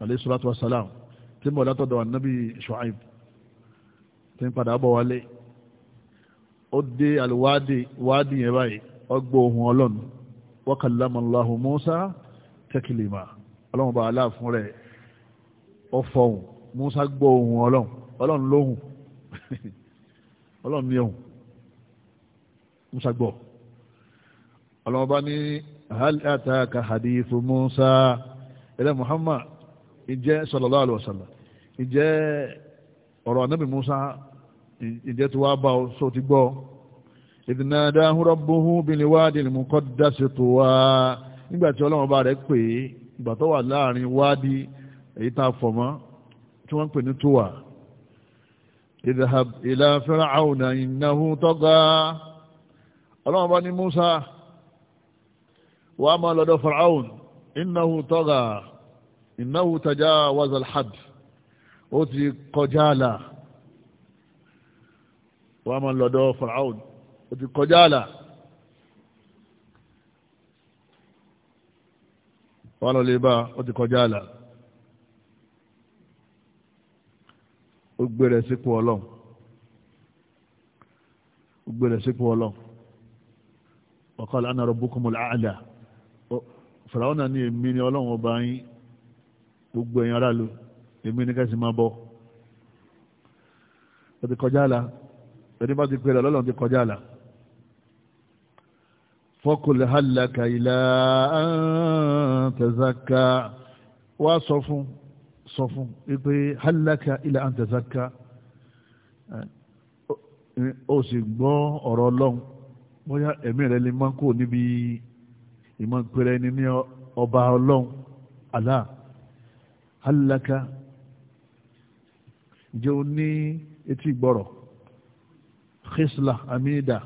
alayhi salatu wa salam tí ń bọ̀ látọ̀dọ̀ anabi shuaib tí ń padà bọ̀ wálé ó dé alwadi wadi yẹn báyìí ọgbọ́ ohun ọlọ́run wa kallama Allahu musa taklima ọlọ́run bá aláà fún rẹ̀ ọ fọhùn musa gbọ́ ohun ọlọ́run ọlọ́run lóhùn ọlọ́run ní ohùn musa gbọ́ ọlọ́run bá ní hal ataka hadithu Musa ilẹ̀ Muhammad ìjẹ́ sallallahu alaihi wasallam ìjẹ́ ọ̀rọ̀ anábì Musa ìjẹ́ tí wàá bá ọ sọ ti gbọ́ idh nadahu rabbuhu bil wadi al muqaddasi tuwa nígbà tí ọlọ́run bá rẹ̀ pè é ìgbà tó wà láàrin wádi èyí tá a fọ̀ mọ́ tí wọ́n ń pè ní tuwa idhhab ila fir'auna innahu tagha ọlọ́run bá ní Musa وما لدى فرعون إنه طغى إنه تجاوز الحد أتي قجالة وما لدى فرعون أتي قجالة وأنا لبا أتي قجالة أكبر سكوة وقال أنا ربكم الأعلى fàràwọ́nà ní èmi ni ọlọ́run ọba yín gbogbo ẹ̀yin aráàlú èmi ni kẹ́sì máa bọ̀ ó ti kọjá àlà ẹni bá ti pè rẹ̀ lọ́lọ́run ti kọjá àlà fọ́kùlù hàlàkà ìlà àǹtẹ̀záka wá sọ fún sọ fún wípé hàlàkà ìlà àǹtẹ̀záka ó sì gbọ́ ọ̀rọ̀ ọlọ́run bóyá ẹ̀mí rẹ̀ lè máa kó níbi ìmọ̀ pẹ̀lẹ́ ẹni ní ọba ọlọ́run Allah alaka jẹ́ o ní etí gbọ́rọ̀ khisla amida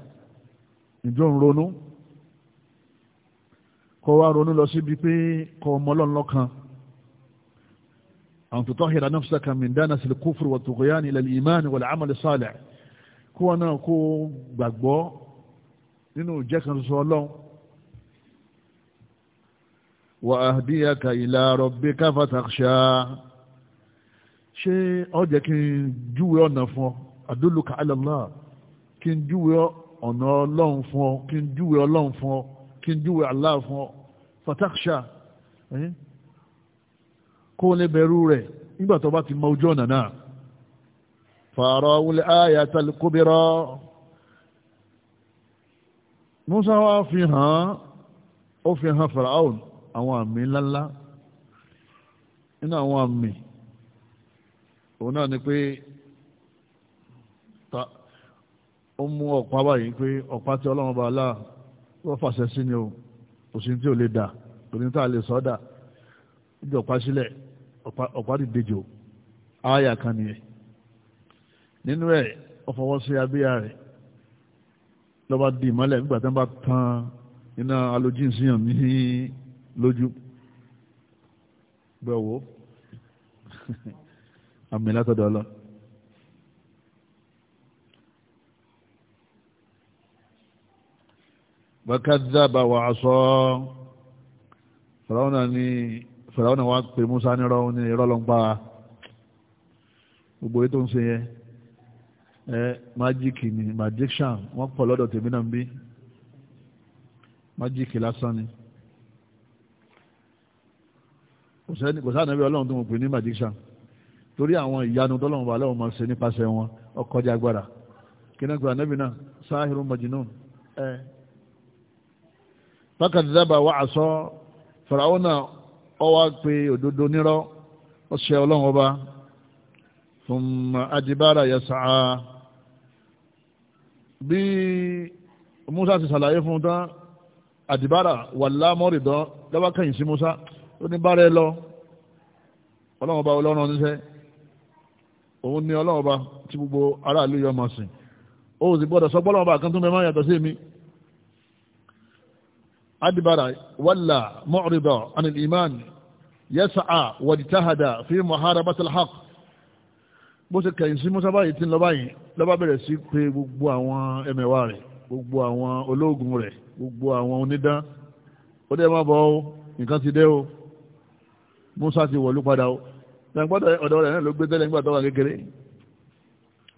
ìjọ ń ronú kọ́ wá ronú lọ síbi pé kọ́ ọmọ ọlọ́run lọ́kan أن تطهر نفسك من دانس الكفر والطغيان إلى الإيمان والعمل الصالح kó wọn náà kó gbàgbọ́ nínú ìjẹ́ kan ṣoṣo ọlọ́run وأهديك إلى ربك فتخشى ṣé ó jẹ́ kí n júwe ọ̀nà fún ọ adulluka ala Allah kí n júwe ọ̀nà ọlọ́run fún ọ kí n júwe ọlọ́run fún ọ kí n júwe Allah fún ọ fataksha kó lè bẹ̀rù rẹ̀ nígbà tó bá ti mọ ojú ọ̀nà náà farawul ayatal kubra Musa wa fi hàn ó fi hàn Fáráò àwọn àmì ńláńlá nínú àwọn àmì òun náà ni pé ó mú ọ̀pá báyìí pé ọ̀pá tí ọlọ́run bá láà wọ́n fàṣẹ sí ni o òsì tí ò lè dà òní tá a lè sọ́ dà ó jẹ́ ọ̀pá sílẹ̀ ọ̀pá dìde jò ááyà kan nìyẹn nínú ẹ̀ ọ̀fọwọ́ sí abíyá rẹ̀ lọ́ba di ìmọ́lẹ̀ nígbà tí wọ́n bá tan iná alójínsìyàn ní lójú bẹ́ẹ̀ wo àmì látọ̀dọ̀ ọlọ́ bàkàdàbà wà aṣọ fàràwọ̀nà ni fàràwọ̀nà wa pè Musa nírọ̀ ni irọ́ ló ń pa gbogbo ètò ń ṣe yẹn ẹ májíkì ni magician wọ́n pọ̀ lọ́dọ̀ tèmi ń bí májíkì lásán ni. kò sáà nàbí ọlọ́run tó mọ̀ pé ní magician torí àwọn ìyanu tọ́lọ́run bá aláwọ̀ máa ṣe nípasẹ̀ wọn ọkọjá agbára kíná gba nàbí náà sáhìrún majinun ẹ. bákan dábàá wà àṣọ fàràwọ́ náà ọ wá pé òdodo nírọ́ ó ṣe ọlọ́run ọba fún ajibára yasa'a bí Musa ti ṣàlàyé fún tán àdìbára wà lámọ́rìdán lọ́wọ́ kẹ́yìn sí Musa tó ní bára ẹ lọ ọlọ́run ọba ọlọ́run níṣẹ́ òun ni ọlọ́run ọba tí gbogbo aráàlú yọ ọmọ sìn ó sì gbọ́dọ̀ sọ bọ́lọ́run ọba kan tó mẹ́mọ́ yàtọ̀ sí mi adibara wàlà mọ́ọ̀rìdọ̀ anil iman yẹ́sàá wàdìtáhàdà fi muharabatil haq bó ṣe kẹ̀yìn sí musa báyìí tí ń lọ báyìí lọ́ba bẹ̀rẹ̀ sí pé gbogbo àwọn ẹmẹ̀wà rẹ̀ gbogbo àwọn ológun rẹ̀ gbogbo àwọn onídán ó dẹ́ má bọ́ nǹkan ti dé o Musa ti wọ̀lú padà o gbọ́dọ̀ ọ̀dọ̀ rẹ̀ náà ló gbé tẹ́lẹ̀ nígbà tó wà kékeré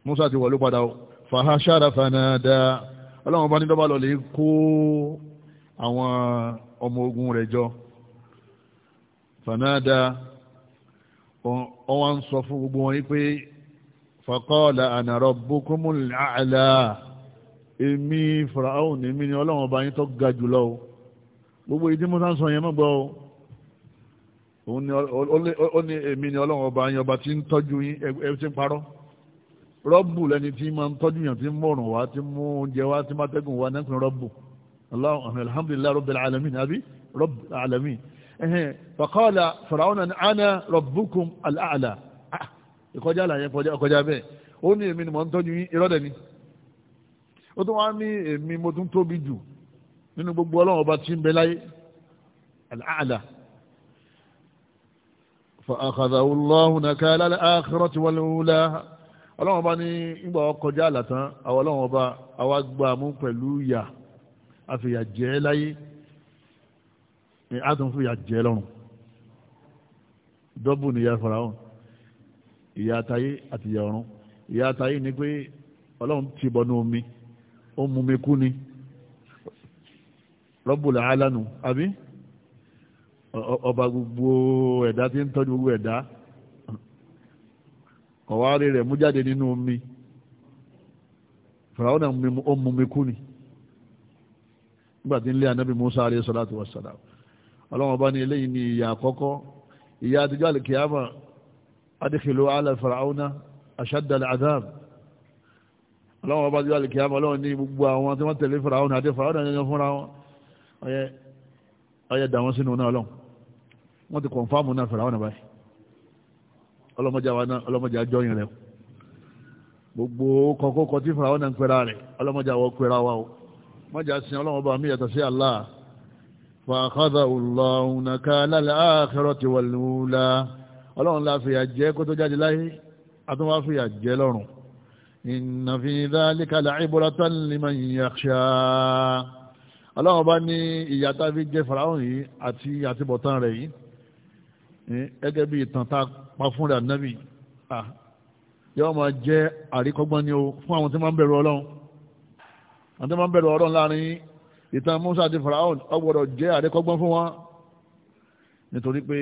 Musa ti wọ̀lú padà o fàhásàrà fanada ọlọ́run bá ní dọ́bà lọ lè kó àwọn ọmọ ogun rẹ̀ jọ fanada ọwọ́n sọ fún gbogbo wọn pé faqala ana rabbukumul a'la èmi Fáráò èmi ni ọlọ́run bá yín tó ga jùlọ gbogbo ìdí Musa ń sọ yẹn mọ́ ó ní èmi ni ọlọ́run ọba yín ọba tí ń tọ́jú yín ẹ ti ń parọ́ rọ́bù lẹni tí máa ń tọ́jú yàn tí ń mọ̀rùn wá tí ń mú oúnjẹ wá tí máa tẹ́gùn wá nẹ́kùn rọ́bù alhamdulilayi rọ́bù alamin àbí rọ́bù alamin fàkọ́ọ̀lá fàràwọn ni ana rọ́bùkún aláàlá ah, ìkọjá àlàyé ọkọjá bẹ́ẹ̀ ó ní èmi ni mò ń tọ́jú yín irọ́dẹ̀ ni ó tún wá ní èmi mo tún tóbi jù nínú gbogbo ọlọ́run ọba tí ń bẹ láyé aláàlá فأخذه الله نكال الآخرة والأولى ọlọ́run ọba ní ìgbà ọkọjá àlàtán àwọn ọlọ́run ọba àwa gbà mú pẹ̀lú ìyà àfìyà jẹ́ láyé ni a tún fìyà jẹ́ lọ́run dọ́bù ni ìyà faraon ìyà àtayé àti ìyà ọ̀run ìyà àtayé ni pé ọlọ́run ti bọnú omi ó mú mi kú ni rọ́bùlà álánù àbí ọba gbogbo ẹ̀dá tí ń tọ́jú gbogbo ẹ̀dá ọ̀wárí rẹ̀ mú jáde nínú omi fìràwọ́n náà ó mú mi kú ni nígbà tí ń lé anábì Musa alayhi salatu wassalam ọlọ́wọ́n bá ní eléyìí ní ìyà àkọ́kọ́ ìyà àtijọ́ alìkìyàmà adkhilu ala fìràwọ́n ashadda al-adhab ọlọ́wọ́n bá jọ́ alìkìyàmà ọlọ́wọ́n ní gbogbo àwọn tí wọ́n tẹ̀lé fìràwọ́n àti fìràwọ́n náà yẹn fúnra wọn ọyẹ dà wọ́n sínú náà ọlọ́wọ́n wọ́n ti kọ̀nfàmù náà fẹ̀rẹ̀ àwọn àbáyé ọlọ́mọdé àwọn náà ọlọ́mọdé àjọ yẹn rẹ̀ gbogbo kọ̀kọ́kọ́ tí fẹ̀rẹ̀ àwọn náà ń pẹ̀rẹ̀ rẹ̀ ọlọ́mọdé àwọn pẹ̀rẹ̀ wa o mọ́jà sin ọlọ́mọba mi yàtọ̀ sí Allah fàkàdà ọlọ́ọ̀nàká lálẹ́ ti wàlúùlá ọlọ́run la fìyà jẹ kó tó jáde láyé àtúnwá fìyà jẹ lọ́rùn inna fi dhalika la'ibratan liman ọlọ́run bá ní ìyàtà fi jẹ fàràhùn yìí àti àtibọ̀tán rẹ̀ yìí gẹ́gẹ́ bí ìtàn tá a pa fún rẹ̀ ànábì yóò máa jẹ́ àríkọ́gbọ́n ni o fún àwọn tí máa ń bẹ̀rù ọlọ́run àwọn tí máa ń bẹ̀rù ọlọ́run láàrin ìtàn Musa àti Faraon ọgbọ́dọ̀ jẹ́ àríkọ́gbọ́n fún wọn nítorí pé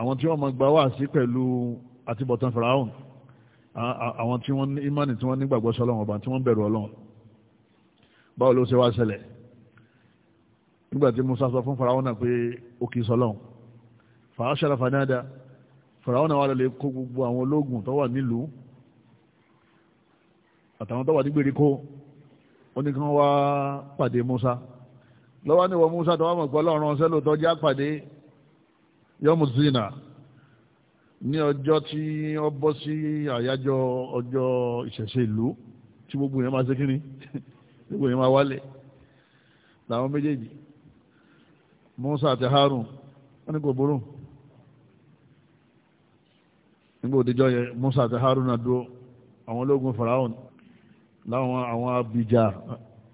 àwọn tí wọ́n máa gba wá sí pẹ̀lú àtibọ̀tán Faraon àwọn tí wọ́n ní imani tí wọ́n nígbàgbọ́ sọ́lọ́run ọba tí wọ́n bẹ̀rù ọlọ́run báwo ló ṣe wá ṣẹlẹ̀ nígbà tí Musa sọ fún Faraon náà pé ó kì í sọ́lọ́run fàáṣára fanáda fìràwọ́n àwọn alẹ́ kó gbogbo àwọn ológun tó wà nílùú àtàwọn tó wà ní gbèríko ó ní kí wọ́n wá pàdé Musa lọ́wọ́ ní wọ́n Musa tó wà mọ̀ pé ọlọ́run ọ̀sẹ́ lóòótọ́ já pàdé yọmù zina ní ọjọ́ tí ó bọ́ sí àyájọ́ ọjọ́ ìṣẹ̀ṣe ìlú tí gbogbo yẹn máa ṣe kínní gbogbo yẹn máa wálẹ̀ làwọn méjèèjì Musa àti Harun wọ́n ní kò burú nígbà òdìjọ́ yẹ Musa àti Haruna dúró àwọn ológun Faraon láwọn àwọn abìjà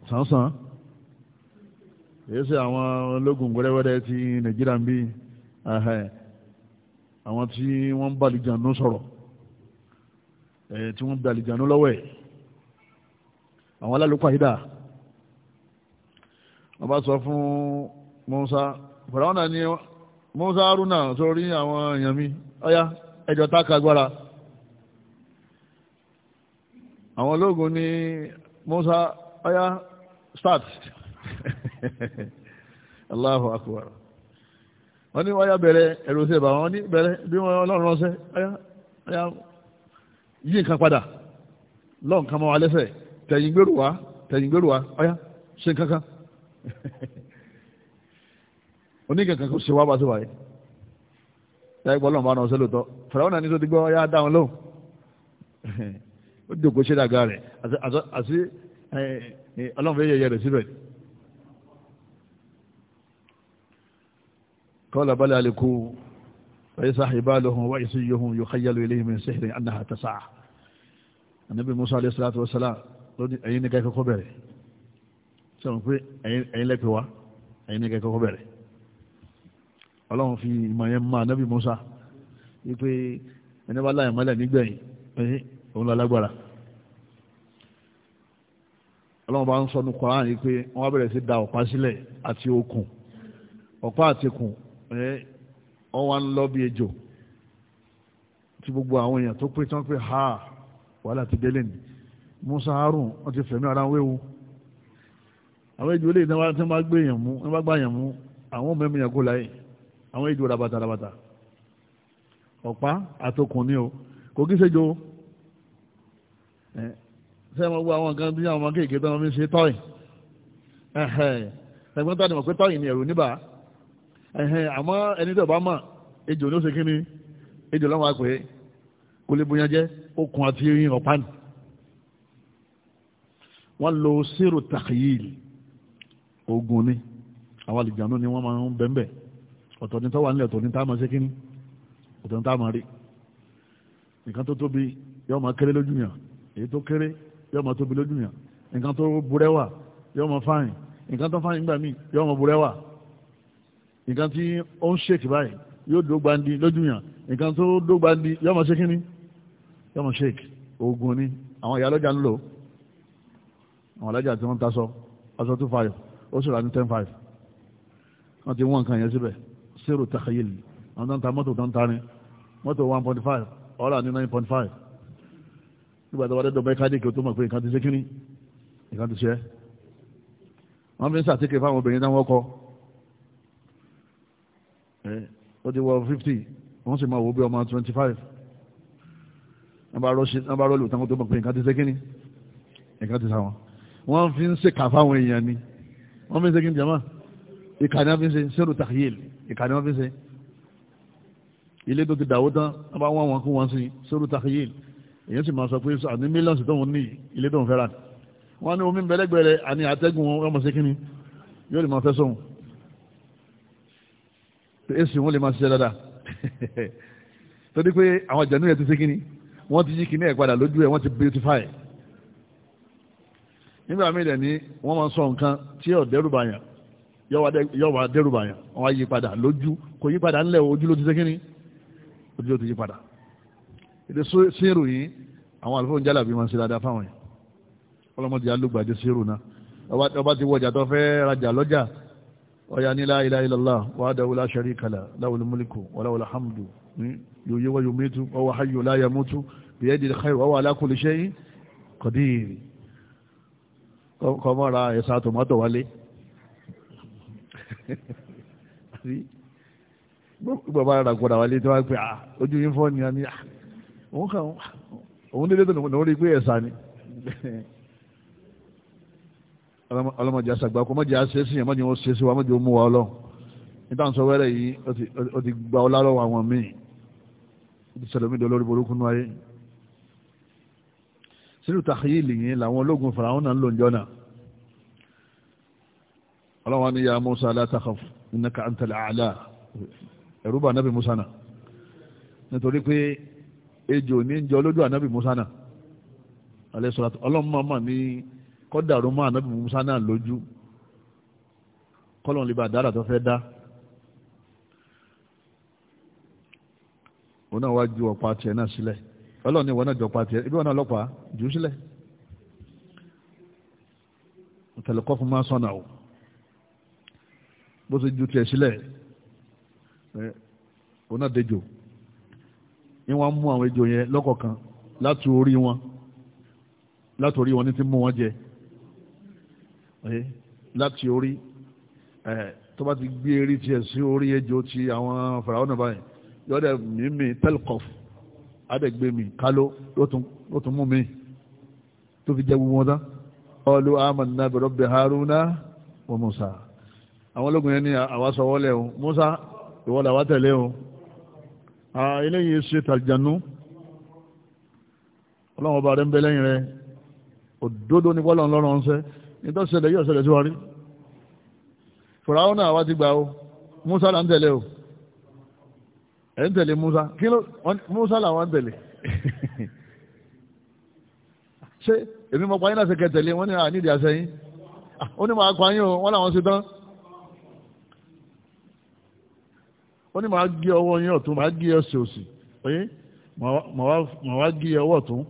sánsan èyí sì àwọn ológun wẹ́rẹ́wẹ́rẹ́ ti Nàìjíríà ń bí àwọn tí wọ́n ń balìjànú sọ̀rọ̀ tí wọ́n ń balìjànú lọ́wọ́ ẹ̀ àwọn alálùpàdà wọ́n bá sọ fún Musa Faraon náà ni Musa Haruna sórí àwọn èèyàn mi ọ̀ya. Oh, yeah. ẹjọ́ tá a kagbára ológun ní Musa ọyá start Allahu akbar wọ́n ní ọyá bẹ̀rẹ̀ ẹ̀rọ sí ẹ̀bà wọ́n ní bẹ̀rẹ̀ bí wọ́n ọlọ́run ránṣẹ́ ọyá yí nǹkan padà lọ́n kan mọ́ wa lẹ́sẹ̀ tẹ̀yìn gbèrú wa tẹ̀yìn gbèrú wa ọyá ṣe nǹkan kan oníkankan kò fọ̀rọ̀ náà ní tó ti gbọ́ yá dáhùn lóhùn ó dòkó ṣe dàgbà rẹ̀ àti ọlọ́run fẹ́ yẹyẹ rẹ̀ síbẹ̀. kọ́lá balẹ̀ àlekú wáyé sáhìbá lóhùn wáyé sí yóhùn yóò káyàlú ilé ìmìn sẹ́hìrì annaha tasa'a anabi musa alayhi salatu wa salam lónìí ẹ̀yin ní kẹ́kọ̀ọ́ bẹ̀rẹ̀ sọ̀rọ̀ pé ẹ̀yin lẹ́pẹ̀ wá ẹ̀yin ní kẹ́kọ̀ọ́ bẹ̀rẹ̀ ọlọ́run fi ìmọ̀ yẹn máa anabi musa Ipe, ẹni bá láyìn mọ́lẹ̀ nígbẹ̀yìn ẹ̀yìn òun lálágbára ọlọ́run bá ń sọ ní koran yìí pé wọ́n wá bẹ̀rẹ̀ sí da ọ̀pá sílẹ̀ àti okùn ọ̀pá àti okùn ẹ̀ wọ́n wá ń lọ bí ejò tí gbogbo àwọn èèyàn tó pé tán pé ha wàhálà ti délé ni Musa Harun wọ́n ti fẹ̀mí ara wéwu àwọn ejò lè ní wọ́n bá gbé èèyàn mú wọ́n bá gbá èèyàn mú àwọn mẹ́mìyàn kó láyé àwọn ejò rabata ọ̀pá àtokùn ni o kò kí ṣe jo sẹ́wọ̀n gbogbo àwọn nǹkan bí àwọn ọmọ kéèké tó ń ṣe tọ́ì ẹ̀gbọ́n tó àdìmọ̀ pé tọ́ì ni ẹ̀rù níbà àmọ́ ẹni tó bá mọ̀ ejò ló ṣe kí ni ejò lọ́wọ́ àpè kò lè bóyá jẹ́ okùn àti irin ọ̀pá ni wọ́n lo sírò tàkìyìlì ogun ni àwọn àlìjànú ni wọ́n máa ń bẹ́ńbẹ́ ọ̀tọ̀ ní tọ́wà nílẹ̀ ọ̀tọ̀ ní táwọn ṣe kí ni kò tó ń tá a máa rí nǹkan tó tóbi yóò máa kéré lójú yàn èyí tó kéré yóò máa tóbi lójú yàn nǹkan tó burẹ́wà yóò máa fáyìn nǹkan tó fáyìn gbà míì yóò máa burẹ́wà nǹkan tí ó ń ṣèkì báyìí yóò dó gbandi lójú yàn nǹkan tó dó gbandi yóò máa ṣe kí ni yóò máa ṣèkì oògùn ni àwọn ìyá lọ́jà ń lò àwọn alájà tí wọ́n ń tasọ aṣọ two five ó sì rà ní ten five wọ́n ti wọ́n nǹkan yẹn síbẹ̀ zero mọ́tò 1.5 ọ̀rà ní 9.5 nígbà tó wà dẹ́dọ̀ mẹ́kánìkì tó mọ̀ pé nǹkan ti ṣe kíní nǹkan ti ṣe wọ́n fi ń sàtíkè fáwọn obìnrin náà wọ́n kọ́ ó ti wọ 50 wọ́n sì máa wò bí ọmọ 25 wọ́n bá rọ́ọ̀lù táwọn tó mọ̀ pé nǹkan ti ṣe kíní nǹkan ti sáwọn wọ́n fi ń ṣèkà fáwọn èèyàn ni wọ́n fi ń ṣe kíní jama ìkànnì wọn fi ń ṣe sẹ́rù tàkìyèl ìkànnì wọn fi ń ṣe ilé tó ti dàwó tán wọ́n bá wọ́n wọn kún wọn sí sórí takiyil èyàn sì máa sọ pé àní mílíọ̀nù tó ń ní ilé tó ń fẹ́ràn wọ́n ní omi bẹ́lẹ́gbẹ́lẹ́ àní àtẹ́gùn wọn ọmọ sí kínní yóò lè máa fẹ́ sóhun èsì wọn lè máa ṣiṣẹ́ dáadáa torí pé àwọn àjànú yẹn ti sí kínní wọ́n ti yí kínní ẹ̀ padà lójú ẹ̀ wọ́n ti beautify nígbà míì dẹ̀ wọ́n máa sọ nǹkan tí yóò dẹ́rùbà yàn yóò dẹ́rùbà yàn wọ́n á yí padà lójú kò yí padà ńlẹ̀ ojú ló ti sí kínní ojú ó ti yí padà èdè sírù yìí àwọn àlùfóò ń jálà bí wọ́n ṣe dáadáa fáwọn yìí ọlọ́mọdé alúgbàdé sírù náà ọba ti wọjà tó fẹ́ rajà lọ́jà ọya ní la ilaha illallah wahdahu la sharika lahu lahul mulku wa lahul hamdu hmm, yuhyi wa yumitu wa huwa hayyun la yamutu biyadihil khayru wa huwa ala kulli shay'in qadir kọmọ́ra tòmátò wálé gbogbo ara gbọ́dọ̀ wálé tí wọ́n pè á ah, ojú yín fọ́ ni a ní à òun kàn òun dédé tó nà ó rí pé ẹ̀sà ni ọlọ́mọdé àṣàgbà kò mọ̀jẹ̀ àṣẹ yẹn mọ̀jẹ̀ wọn ṣe sí wa mọ̀jẹ̀ mú wa ọlọ́run níta ń sọ wẹ́rẹ̀ yìí ó ti gba ọlá lọ́wọ́ àwọn míì ó ti sẹlẹ̀ mí dọ́ lórí burúkú náà yé sínú tàkìyìlì yìí làwọn ológun farawọn náà ń lò jọ́nà ọlọ́wọ́n ni ya Musa la takhaf innaka anta al-a'la ẹ̀rú anabimusana anábì musa náà nítorí pé ejò ní jẹ olójú anábì musa náà alẹ́ sọ́ra ọlọ́run máa mà ní kọ́dàrú mọ́ anábì musa náà lójú dára tó fẹ́ dá náà wá ju ọ̀pá tiẹ̀ náà sílẹ̀ o bó ti ju tiẹ̀ Eh, òun náà dejò ni wọ́n mú àwọn ejò yẹn lọ́kọ̀ọ̀kan láti orí wọn láti orí wọn ní ti mú wọn jẹ eh, láti orí eh, tó bá ti gbé eré tiẹ̀ sí orí ejò ti àwọn fàràwọ́n náà báyìí yọ̀ọ́dẹ̀ mímì telkof adẹ̀gbẹ̀mí kálọ́ ló tún mú mi tó fi jẹ́ gbogbo wọn tán ọlú àmàlà bi Rabbi Haruna wa Musa àwọn ológun yẹn ní àwásọwọ́lẹ̀ Musa ìwọ làwa tẹ̀lé o eléyìí ṣe tàjànú ọlọ́run ọba rẹ̀ ń bẹ lẹ́yìn rẹ̀ òdodo ní bọ́lọ̀ ńlọ́rọ̀ ńṣẹ́ nítorí ṣẹlẹ̀ yóò ṣẹlẹ̀ síwárí fìràwọ́n náà wá ti gbà o Musa là ń tẹ̀lé o ẹ̀ ń tẹ̀lé Musa kí ló Musa làwọn ń tẹ̀lé ṣé èmi mọ̀ pa yín láti kẹ tẹ̀lé wọ́n ní àníìdí àṣẹ yín ó ní màá pa yín o wọ́n làwọn ṣe tán ó ní màá gé ọwọ́ yín ọ̀tún màá gé ẹsẹ̀ òsì pé màá wá gé ọwọ́ ọ̀tún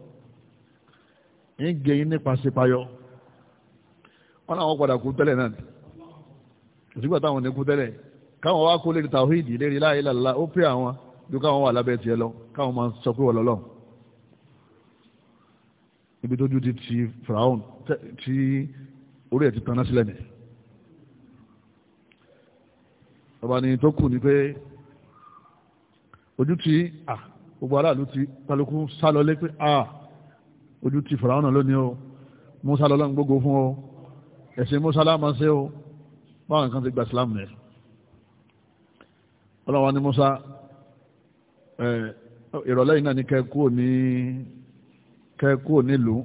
ń gé yín nípa sípayọ wọn làwọn padà kú tẹ́lẹ̀ náà òsìgbà táwọn ní kú tẹ́lẹ̀ káwọn wá kó lérí tàwíìdì lérí láàyè làlá ó pé àwọn ju káwọn wà lábẹ́ tiẹ̀ lọ káwọn máa sọ pé wọ́n lọ́lọ́run ibi tójú ti ti firaun tí orí ẹ̀ ti tanná sílẹ̀ ni ọba ni tó kù ni pé ojú ti à gbogbo aráàlú ti kálukú sálọlé pé à ojú ti fàràwọn lónìí o musa lọ́lọ́ gbogbo fún o ẹ̀sìn musa láàmà ṣe o báwọn kan ti gba islam rẹ̀ ọlọ́wọ́n ni musa ìrọ̀lẹ́ yìí náà ni kẹ́kúò ní kẹ́kúò nílùú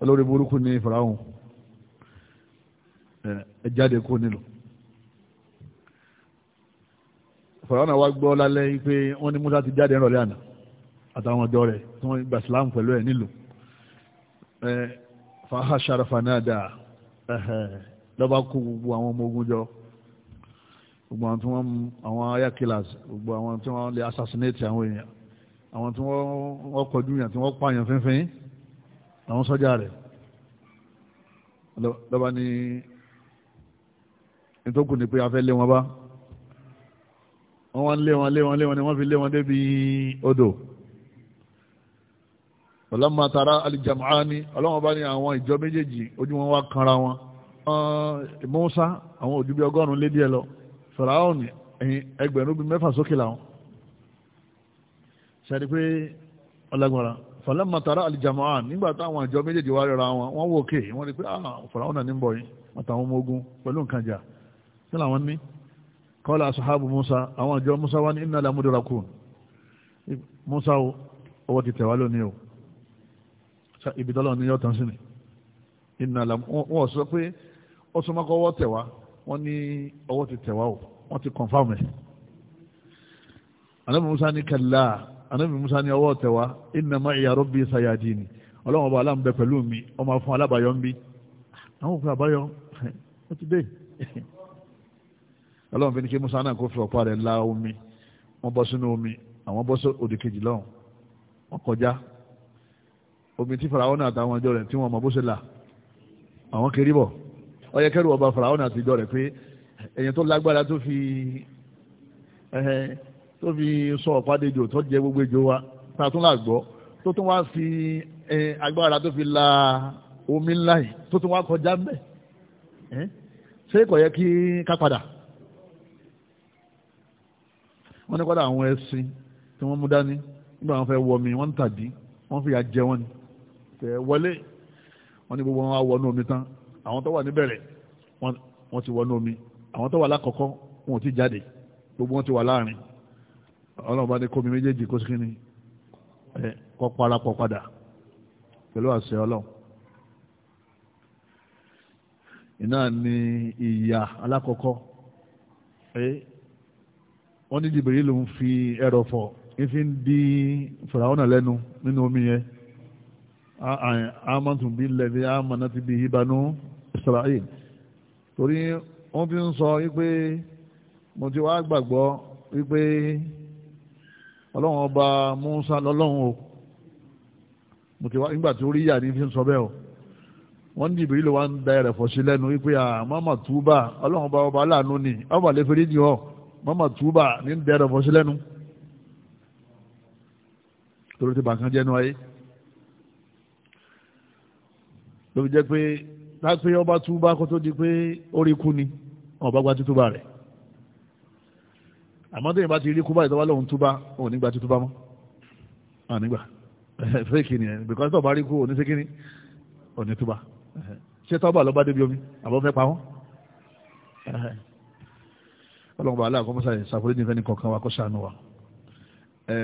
olórí burúkú ní fàràwọn ẹ jáde kúò nílùú fọ̀rọ̀nà wa gbọ́ lálẹ́ pé wọ́n ní Musa ti jáde ńrọ̀lẹ́ àná àtàwọn ọ̀dọ́ rẹ̀ tí wọ́n gba Islam pẹ̀lú ẹ̀ nílò fàáhà sàràfà náà dà lọ́ba kó gbogbo àwọn ọmọ ogun jọ gbogbo àwọn tí wọ́n àwọn aya killers gbogbo àwọn tí wọ́n lè assassinate àwọn èèyàn àwọn tí wọ́n kọjú yàn tí wọ́n pààyàn fínfín àwọn sọ́jà rẹ̀ lọ́ba ní ìtòkù ni pé a lé wọn bá wọ́n wá ń lé wọn lé wọn lé wọn ni wọ́n fi lé wọn débi odò ọlọ́mọ tara alìjàmáàní ọlọ́wọ́n bá ní àwọn ìjọ méjèèjì ojú wọn wá kanra wọn Mùsá àwọn òjú bí ọgọ́rùn-ún lé díẹ̀ lọ Fáráò ẹgbẹ̀rún bí mẹ́fà sókè làwọn ṣàrí pé ọlágbára fọlọ́mọ tara alìjàmáàní nígbà táwọn ìjọ méjèèjì wá rẹra wọn wọ́n wò kè wọ́n rí pé ah, Fáráò náà ní kọ́lá asahabu musa àwọn àjọ musa wá ní iná lamúdúrakú musa owó ti tẹ̀wá lónìí o ibi tọ́lọ́ ní yọ̀tàn sí ni iná lamúdúrakú wọ́n sọ pé ó sọ mọ́kọ́ ọwọ́ tẹ̀wá wọ́n ní ọwọ́ ti tẹ̀wá o wọ́n ti kọ̀nfàmù ẹ̀ anábì musa ní kàlá anábì musa ní ọwọ́ tẹ̀wá iná má ìyá rọ́bì sayadi ni ọlọ́run ọba aláǹbẹ pẹ̀lú mi ọmọ fún alábàáyọ ń àwọn òfin ọlọ́run fi ní kí musa náà kó fi ọ̀pá rẹ̀ la omi wọ́n bọ́ sínú omi àwọn bọ́ òdì kejì lọ́hùn wọ́n kọjá omi tí faraó náà àtàwọn ọjọ́ rẹ̀ tí wọ́n mọ bó ṣe là àwọn kiri bọ̀ ó yẹ kẹ́rù ọba faraó náà àtijọ́ rẹ̀ pé ẹ̀yìn tó lágbára tó fi tó fi sọ ọ̀pá dejò tó jẹ gbogbo ejò wa tá tún là gbọ́ tó tún wá fi agbára tó fi la omi ńlá yìí tó tún wá kọjá mbẹ́ ṣé kò yẹ kí ká padà wọ́n ní kọ́dà àwọn ẹṣin tí wọ́n mú dání nígbà wọn fẹ́ wọmi wọ́n ń tàdí wọ́n fìyà jẹ wọn tẹ wọlé wọ́n ní gbogbo wọn wá wọnú omi tán àwọn tó wà níbẹ̀rẹ̀ wọ́n ti wọnú omi àwọn tó wà lákọ̀ọ́kọ́ wọn ò ti jáde gbogbo wọn ti wà láàrin ọlọ́run bá ní kómi méjèèjì kó sí ní kọ́ parapọ̀ padà pẹ̀lú àṣẹ ọlọ́run iná ni ìyà alákọ̀ọ́kọ́ wọ́n ní jìbìrì ló ń fi ẹ̀rọ fọ̀ ìfi ń di fìràwọ́nà lẹ́nu nínú omi yẹn amọ̀tún bí lẹ́bi amọ̀nà ti bí ìbànú Israel torí wọ́n fi ń sọ wípé mo ti wá gbàgbọ́ wípé ọlọ́run ọba Musa lọ́lọ́run o mo ti wá nígbà tí ó rí ìyá ní fi ń sọ bẹ́ẹ̀ o wọ́n ní jìbìrì ló wá ń da ẹ̀rẹ̀fọ̀ sí lẹ́nu wípé àmọ́ màtúbà ọlọ́run ọba ọba aláàánú ni ọba lè fi rí ọ́ mọ́mọ́ túbà ní dẹ́rọ fọ́sí lẹ́nu torí ti bàkan jẹ́nu ayé ló fi jẹ́ pé láti ọba túbà kó tó di pé ó rí kú ni wọn bá gba títúbà rẹ̀ àmọ́ tó yìnbá ti rí kú báyìí tó wá lóhun túbà ò nígbà títúbà mọ́ à nígbà fẹ́ẹ̀kì ni ẹ̀ bìkọ́ tó bá rí kú ò ní sí kíní ò ní túbà ṣé tọ́ba lọ́ba débi omi àbọ̀ fẹ́ pa wọ́n ọlọ́run bá aláàkọ́ mọ́sá ìsàfúrí nìkan ní kọ̀ọ̀kan wa kó sànù wa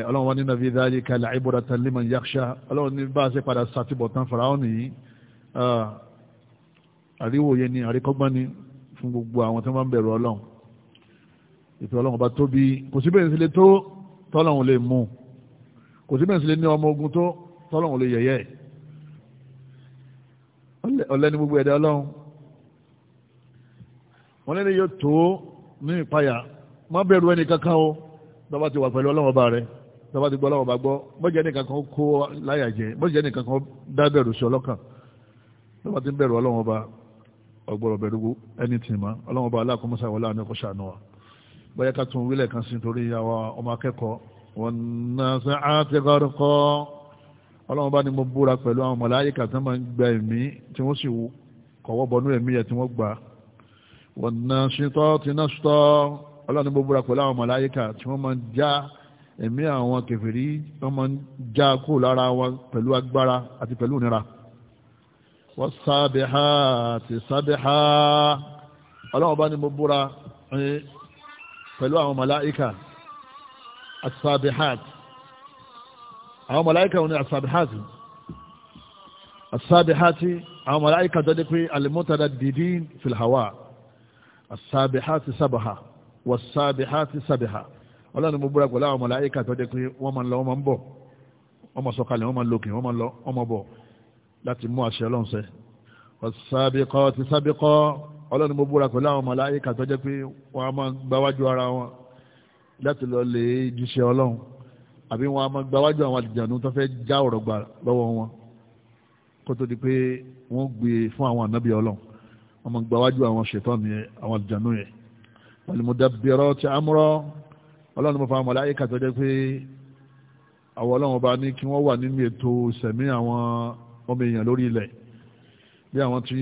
ọlọ́run wa nínú fi dáálí kalẹ̀ àìbọ̀dà tẹ́lẹ̀mọ̀ yaksha ọlọ́run ní bá a ṣe padà sàtìbọ̀ tán faraon yìí àríwòye ni àríkọ́gbọ́n ni fún gbogbo àwọn tí wọ́n bá ń bẹ̀rù ọlọ́run ètò ọlọ́run bá tóbi kò síbẹ̀ ní sílé tó tọ́lọ́run lè mú kò síbẹ̀ ní sílé ní ọmọ ogun tó tọ́lọ́run ní ìpayà má bẹ̀rù ẹni kankan o tọ́ba ti wà pẹ̀lú ọlọ́wọ́ bá rẹ tọ́ba ti gbọ́ ọlọ́wọ́ bá gbọ́ mọ́jẹ́ ẹni kankan kó láyà jẹ mọ́jẹ́ ẹni kankan dá bẹ̀rù sí ọlọ́kàn tọ́ba ti bẹ̀rù ọlọ́wọ́ bá ọgbọ̀rọ̀ bẹ̀rù ẹni tì má ọlọ́wọ́ bá aláàkọ́mọ́sá wọlé àwọn ẹ̀kọ́ ṣàánú wa bóyá ká tún wílẹ̀ kan sí torí àwa ọmọ akẹ́kọ̀ọ́ wọn náà sẹ́ àtẹ́kọ̀ọ́ ọlọ́wọ́ bá والناشطات نشطا ọlọ́ni gbogbo ra pẹ̀lú àwọn màláyíkà tí wọ́n máa ń já ẹ̀mí àwọn kèfèrí wọ́n máa ń já kó lára wọn pẹ̀lú agbára àti pẹ̀lú ìnira wọ́n sábẹ̀há àti sábẹ̀há ọlọ́wọ́n bá ní mo búra pẹ̀lú àwọn màláíkà asábẹ̀hát àwọn màláíkà wọn ni asábẹ̀hát asábẹ̀hát àwọn màláíkà tó dé pé alimọ́tàdà as-sabihati sabaha was-sabihati sabaha ọlọ́run mo búra pẹ̀lú àwọn màláíkà tó jẹ́ pé wọ́n máa ń lọ wọ́n máa ń bọ̀ wọ́n máa sọ̀kalẹ̀ wọ́n máa ń lókè wọ́n máa ń lọ wọ́n máa bọ̀ láti mú àṣẹ ọlọ́run ṣẹ was-sabiqati sabiqa ọlọ́run búra pẹ̀lú àwọn màláíkà tó jẹ́ wọ́n á gbáwájú ara wọn láti lọ lè jíṣẹ́ ọlọ́run àbí wọ́n á gbáwájú àwọn àlìjànú tó fẹ́ já ọ̀rọ̀ gbà lọ́wọ́ wọn kó tó di pé wọ́n gbé e fún àwọn ànábì ọlọ́run ọmọ gbàwájú àwọn ṣètọ́ ni àwọn àjànú yẹn wal mudabbirat amra ọlọ́run mọ̀fà màláíkà tó jẹ́ pé àwọn ọlọ́run ọba ní kí wọ́n wà nínú ètò sẹ̀mí àwọn ọmọ èèyàn lórí ilẹ̀ bí àwọn tí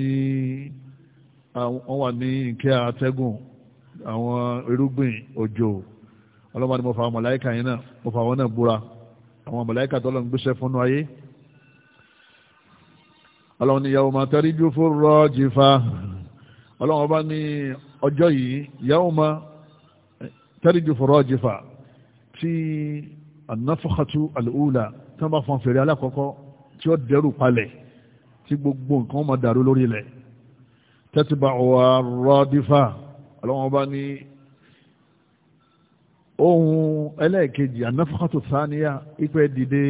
wọ́n wà ní ìkẹ́ àtẹ́gùn àwọn irúgbìn òjò ọlọ́run ni mọ̀fà màláíkà yẹn náà mọ̀fà wọn náà búra àwọn màláíkà tó lọ́n gbéṣẹ́ fúnnú ayé ọlọ́run ni yawma tariju furrajifa ọlọ́run ọba ní ọjọ́ yìí yawma tẹ́rìjù fọ̀rọ̀ jìfà tí anáfọ́kàtú àlùhùlà tí wọ́n bá fọn fèrè alákọ̀ọ́kọ́ tí ó dẹrù palẹ̀ tí gbogbo nǹkan máa dàrú lórí ilẹ̀ tẹ́tìbà ọ̀wà rọ́dífà ọlọ́run ọba ní ohun ẹlẹ́ẹ̀kejì anáfọ́kàtú sáníyà ìpẹ́ dìde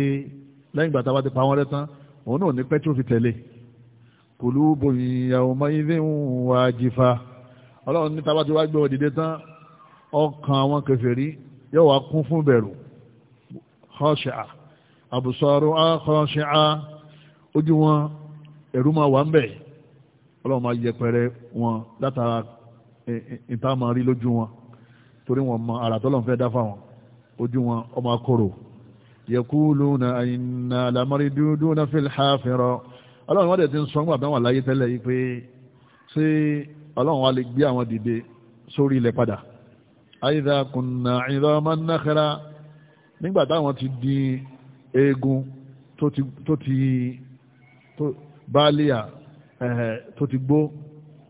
lẹ́yìn gbàtà bá ti pa wọ́n rẹ́ tán òun náà ní pẹ́ tí ó fi tẹ̀lé kùlúbù yawma idhin wajifa ọlọ́run ní tábàtí wá gbé òdìdé tán ọkàn àwọn kèfèrí yóò wá kún fún bẹ̀rù khashi'a àbùsọ̀rọ̀ khashi'a ojú wọn ẹ̀rú máa wà ń bẹ̀ ọlọ́run máa yẹpẹrẹ wọn látara ìta máa rí lójú wọn torí wọn mọ ara tọ́lọ́run fẹ́ dá fáwọn ojú wọn ọmọ akóró yakuluna inna lamaridu duna fil hafira ọlọ́run wọ́n dẹ̀ ti ń sọ nígbà táwọn láyé tẹ́lẹ̀ yìí pé ṣé ọlọ́run wa lè gbé àwọn dìde sórí ilẹ̀ padà àyíká kùnà ìlọ máa ń nákẹ́ra nígbà táwọn ti di eegun tó ti báàlíà tó ti gbó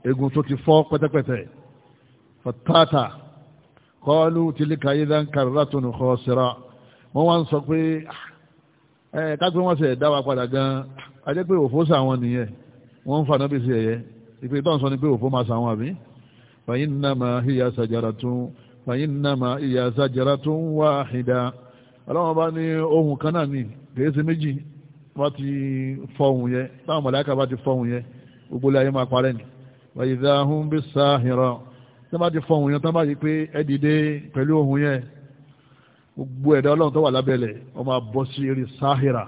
eegun tó ti fọ́ pẹ́tẹ́pẹ́tẹ́ fatata kọ́ọ́lù tìlíkà ìlànkà rátùnù kọ́ síra wọ́n wá ń sọ pé ah, kápẹ́ wọ́n sẹ̀ dá wa padà gan-an ajẹ́ pé òfó sàwọn nìyẹn wọ́n ń fa náà bí sí ẹ̀yẹ ìpè tó ń sọ ni pé òfó máa sàwọn àbí fa innama hiya sajaratun fa innama hiya sajaratun wahida ọlọ́wọ́n bá ní ohun kan náà ní kìí ṣe méjì wọ́n ti fọhùn yẹ táwọn mọ̀láyàkà bá ti fọhùn yẹ gbogbo ilé ayé máa parẹ́ ni wa idha hum bis tí wọ́n bá ti fọhùn yẹ tí wọ́n bá yí pé ẹ gbogbo ẹ̀dá ọlọ́run tó wà lábẹ́lẹ̀ wọ́n máa bọ́ sí eré sáhìrà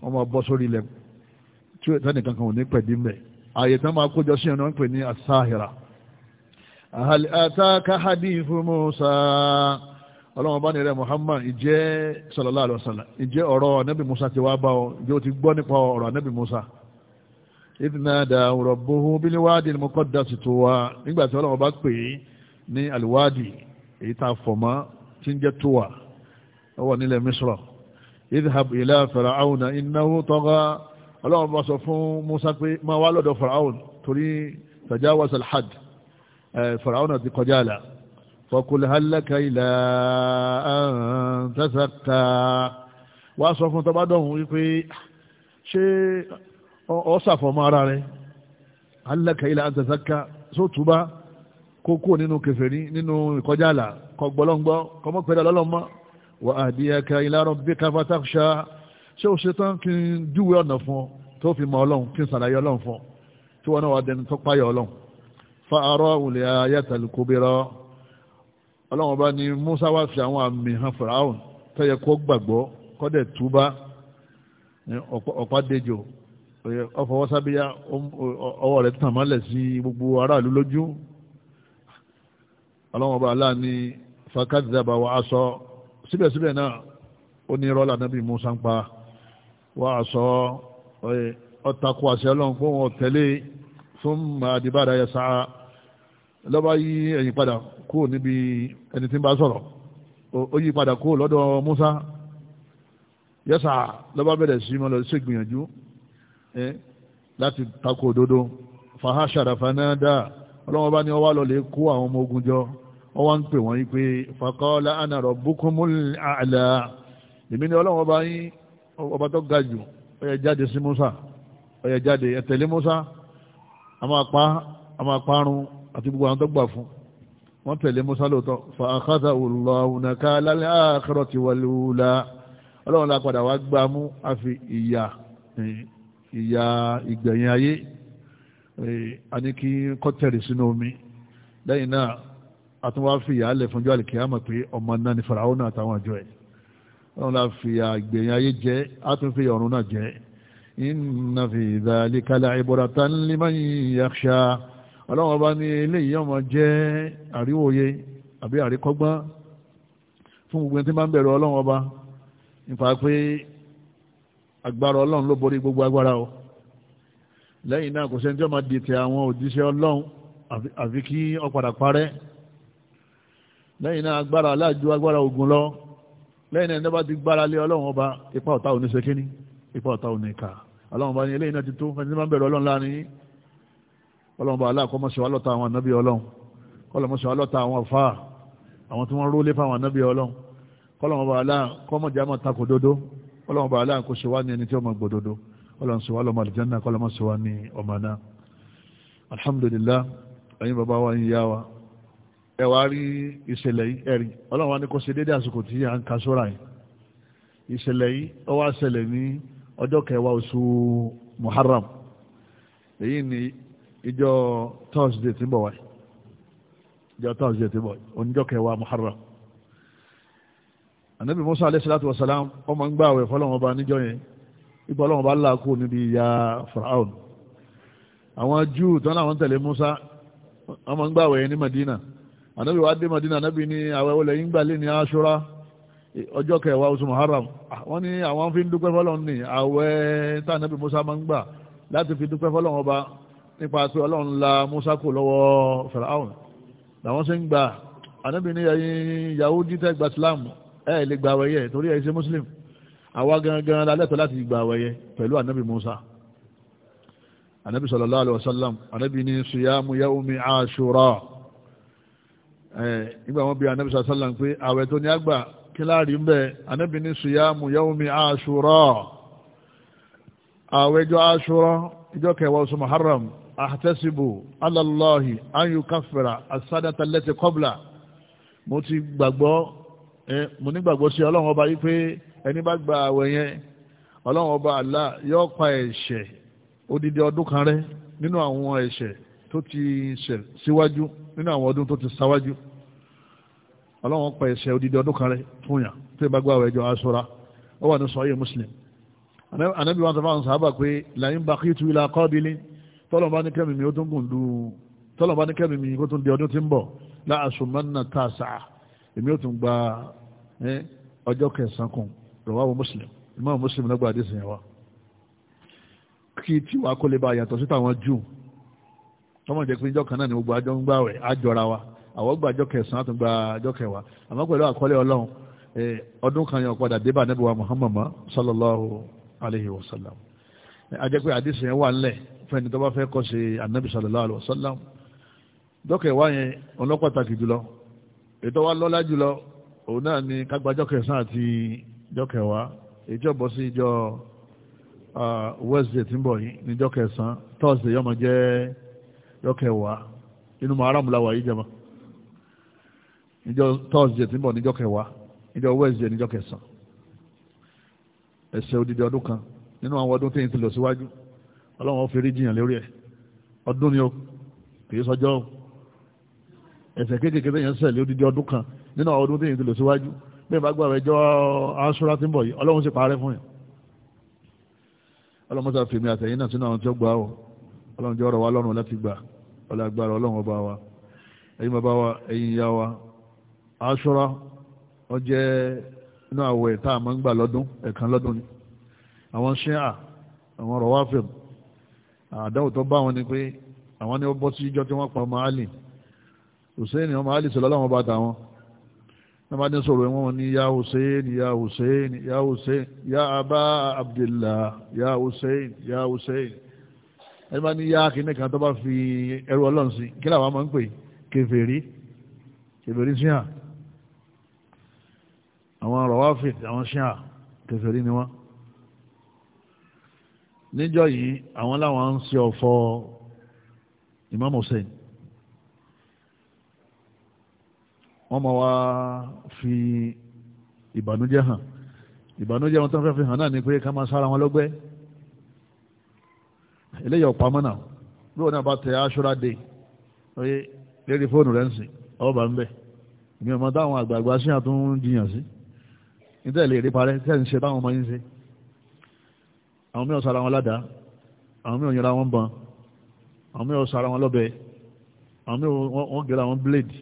wọ́n máa bọ́ sórí ilẹ̀ tí ó tẹ́nì kankan ò ní pẹ̀lú mẹ́ ààyè tán máa kójọ sí ọ̀nà ń pè ní asáhìrà hal ataka hadithu Musa ọlọ́run bá ní Muhammad ìjẹ́ sallallahu alaihi ìjẹ́ ọ̀rọ̀ anábì Musa ti wá bá ọ ìjẹ́ ó ti gbọ́ nípa ọ̀rọ̀ anábì Musa idnada rabbuhu bilwadi almuqaddasi tuwa nígbà tí ọlọ́run bá pè ní alwadi èyí tá a fọ̀ mọ́ tí ń jẹ́ tuwa ó wà nílẹ̀ misra idhab ila faraawuna innahu tagha ọlọ́run bá sọ fún musa pé máa wá lọ́dọ̀ faraawun torí tajawaz alhad faraawuna ti kọjá àlà fakul halaka ila an tazakka wá sọ fún tọ́ba dọ̀hún wípé ṣé ọ ṣàfọ̀mọ́ ara rẹ̀ halaka ila an tazakka sótúbá kókó nínú kèfèrí nínú ìkọjá àlà kọgbọ́lọ́ngbọ́ kọmọ́pẹ́dà lọ́lọ́mọ́ وأهديك إلى ربك فتخشى ṣé o ṣe tán kí n júwe ọ̀nà fún ọ tó fi mọ ọlọ́run kí n ṣàlàyé ọlọ́run fún ọ tí wọn náà wà dẹni tó páyọ ọlọ́run fa àárọ̀ òlẹ̀ ayatul kubra ọlọ́run ọba ni Musa wá fi àwọn àmì hàn Fáráò tó yẹ kó gbàgbọ́ kọ́dẹ̀ túbá ọ̀pá dejò ọfọwọ́sábíyá ọwọ́ rẹ̀ tàn mọ́lẹ̀ sí gbogbo aráàlú lójú ọlọ́run ọba aláàánú fakadhaba wa asọ síbẹ̀síbẹ̀ náà ó ní rọ́lá nábì Musa ń pa wá sọ ọ̀tàkù àṣẹ ọlọ́run fún wọn tẹ̀lé fún àdìbàdà yẹ sáà lọ́ba yí ẹ̀yìn padà kúrò níbi ẹni tí ń bá sọ̀rọ̀ ó yí padà kúrò lọ́dọ̀ Musa yẹ sáà lọ́ba bẹ̀rẹ̀ sí mọ́ lọ sí ìgbìyànjú láti takò òdodo fàhásàràfà náà dáa ọlọ́wọ́n bá ní ọwá lọ lè kó àwọn ọmọ ogun jọ wọ́n wá ń pè wọ́n yí pé faqala ana rabbukumul a'la èmi ni ọlọ́run ọba yín ọba tó ga jù ó yẹ jáde sí Musa ó yẹ jáde ẹ tẹ̀lé Musa a máa pa parun àti gbogbo àwọn tó gbà fún wọ́n tẹ̀lé Musa lóòótọ́ fa akhadhahu Allahu nakala al-akhirati wal-ula ọlọ́run la padà wá gbá mú a ìyà ìyà ìgbẹ̀yìn ayé a kọ́tẹ̀rì sínú omi lẹ́yìn náà àtún wá fi ìyàálẹ̀ fúnjọ́ àlìkìyàmọ̀ pé ọmọ náà ni faraona àtàwọn àjọ ẹ̀ wọn la fi àgbẹ̀yìn ayé jẹ́ àtún ọ̀run náà jẹ́ inna fi dhalika la'ibratan ní eléyìí lẹ́yìn náà kò sẹ́ni tí ó máa dìtẹ̀ àwọn òjíṣẹ́ ọlọ́run àfi kí ó padà parẹ́ lẹ́yìn náà agbára aláàjú agbára ogun lọ lẹ́yìn náà nígbà tí gbára lé ọlọ́run ọba ipa ọ̀tá òní ṣe kíní ipa ọ̀tá òní kà ọlọ́run ọba ní eléyìí náà ti tó ẹni tí máa ń bẹ̀rù ọlọ́run láàrin ọlọ́run ọba aláàkọ́mọṣẹ́ wa lọ́ta àwọn ànábì ọlọ́run kọ́lọ́mọṣẹ́ wa lọ́ta àwọn àfà àwọn tí wọ́n rólé fáwọn ànábì ọlọ́run kọ́lọ́run ọba aláàkọ́mọjà máa takò dodo ọlọ́run ọba ẹ wá rí ìṣẹ̀lẹ̀ yìí ẹ̀rí ọlọ́run wa ní kó ṣe déédé àsìkò tí à ń ka sóra yìí ìṣẹ̀lẹ̀ yìí ó wá ṣẹlẹ̀ ní ọjọ́ kẹwàá oṣù Muharram èyí ni ìjọ Thursday tí ń bọ̀ wáyé ìjọ Thursday tí ń bọ̀ wáyé oníjọ́ kẹwàá Muharram ànábì Musa alayhi wa salam ọmọ ń gbààwẹ̀ fọlọ́run ọba níjọ́ yẹn ipò ọlọ́run ọba ńlá kú níbi ìyá Faraon àwọn Júù tán láwọn tẹ̀lé Musa ọmọ ń gbààwẹ̀ ní Madina ànábì wa dé Madina ànábì ní àwọn ẹwọlẹ̀ yín gbà lé ní aṣọ́ra ọjọ́ kẹwàá oṣù Muharram ah, wọ́n ní àwọn fi ń dúpẹ́ fọ́lọ́run ní àwẹ̀ tá ànábì Musa máa ń gbà láti fi dúpẹ́ fọ́lọ́run ọba nípa pé ọlọ́run la Musa kò lọ́wọ́ Firaun làwọn ṣe ń gbà ànábì ní ẹ̀yin Yahudi tẹ́ gba Islam ẹ̀ lè gbà wẹ̀yẹ torí ẹ̀ ṣe Muslim àwa gangan la lẹ́tọ̀ọ́ láti gbà wẹ̀yẹ pẹ̀lú ànábì Musa ànábì sallallahu alaihi wasallam ànábì ní siyamu yaumi Ashura Igba wọn bí anábì sàṣálà ń pé àwẹ̀ tó ní àgbà kí láàrí ń bẹ anábì ní awo yawmi àṣùrọ̀ àwẹ̀ ìjọ àṣùrọ̀ ìjọ kẹwàá oṣù muharram àtẹ́sìbò alàlọ́hì ayù káfẹ́rà lẹ́tẹ̀ kọ́bla mo ti gbàgbọ́ mo ní gbàgbọ́ sí ọlọ́run ọba yìí pé ẹni bá gba àwẹ̀ yẹn odidi ọdún kan nínú àwọn ẹ̀ṣẹ̀ tó ti síwájú nínú àwọn ọdún tó ọlọ́run pa ẹ̀ṣẹ̀ odidi ọdún kan rẹ̀ fún yàn tí ẹ bá gbọ́ àwẹ̀jọ aṣọra ó wà ní sọ́yìn muslim anábì wọn tọ́fà ń sábà pé làyín bá kí tuwìlà kọ́bìlì tọ́lọ̀ bá ní kẹ́mi mi ó tún gùn lù tọ́lọ̀ bá ní kẹ́mi mi ó di ọdún tí ń bọ̀ láàṣùmọ́nà tàṣà èmi ó tún gba ọjọ́ kẹsàn-án kùn rọ̀wáwọ̀ muslim imam muslim lọ́gbà àdìsí yẹn wa kí tiwa kó lè bá yàtọ̀ sí ni gbogbo àjọ ń wa àwọn gba ọjọ́ kẹsàn-án tó gba ọjọ́ kẹwàá àmọ́ pẹ̀lú àkọlé ọlọ́run ọdún kan débà wa Muhammad sallallahu alayhi wa sallam ajẹ́ àdìsí yẹn wa sallam yẹn jùlọ ètò wa jùlọ òun náà ni àti sí ìjọ Wednesday tí ń yìí Thursday yọmọ níjọ́ tọ́sídẹ̀ tí ń bọ̀ níjọ́ kẹwàá níjọ́ wẹ́sídẹ̀ níjọ́ kẹsàn ẹsẹ̀ odidi ọdún kan nínú àwọn ọdún tí ń ti lọ síwájú ọlọ́run ó forí jiyàn lórí ẹ̀ ọdún ni ó kìí sọjọ́ ẹsẹ̀ kéékèèké tẹ̀yàn sẹ̀ lé odidi ọdún kan nínú àwọn ọdún tí ń ti lọ síwájú bẹ́ẹ̀ bá gbàgbé ẹjọ́ asúra tí ń bọ̀ yìí ọlọ́run sì parẹ́ fún yàn ọlọ́run sọ fèmí àtẹ̀yìn náà sínú àwọn tí ó gbà ọ́ ọlọ́run jẹ́ ọ̀rọ̀ wa lọ́rùn láti gbà ọlọ́run agbára ọlọ́run ọba wa ẹ̀yin bàbá wa ẹ̀yin ìyá wa aṣọra ó jẹ́ inú àwẹ̀ tá a máa ń gbà lọ́dún ẹ̀kan lọ́dún ni àwọn ṣíà àwọn ọ̀rọ̀ wá fẹ̀ àdáwò tó bá wọn ni pé àwọn ni ó bọ́ sí ìjọ tí wọ́n pa ọmọ Àlì Hussein ọmọ Àlì sọ̀rọ̀ láwọn bá tàwọn náà bá ní sọ̀rọ̀ wọn ni ya Hussein ya Hussein ya Hussein ya Aba Abdillah ya Hussein ya Hussein ẹni bá ní ya kìíní kan tó bá fi ẹrù ọlọ́run sí kí làwọn máa ń pè kèfèrí kèfèrí sí hàn àwọn rọwáfì àwọn ṣíà kèfèrí ni wọ́n níjọ́ yìí àwọn láwọn ń ṣe ọ̀fọ̀ Imam Hussein wọ́n máa wá fi ìbànújẹ́ hàn ìbànújẹ́ wọn tó ń fẹ́ fi hàn náà ni pé ká máa sára wọn lọ́gbẹ́ eléyìí ọ̀pá mọ́nà bí wọn náà bá tẹ aṣọra dé lórí fóònù rẹ̀ ń sìn ọba ń bẹ̀ ìgbìmọ̀ táwọn àgbààgbà ṣíà tó ń jiyàn sí. Si níta ilé rí parẹ́ tẹ́ ń ṣe báwọn ọmọ yín ṣe àwọn mìíràn sara wọn ládàá àwọn mìíràn yẹra wọn bọn àwọn mìíràn sara wọn lọ́bẹ àwọn mìíràn wọn gẹ̀rẹ́ àwọn blade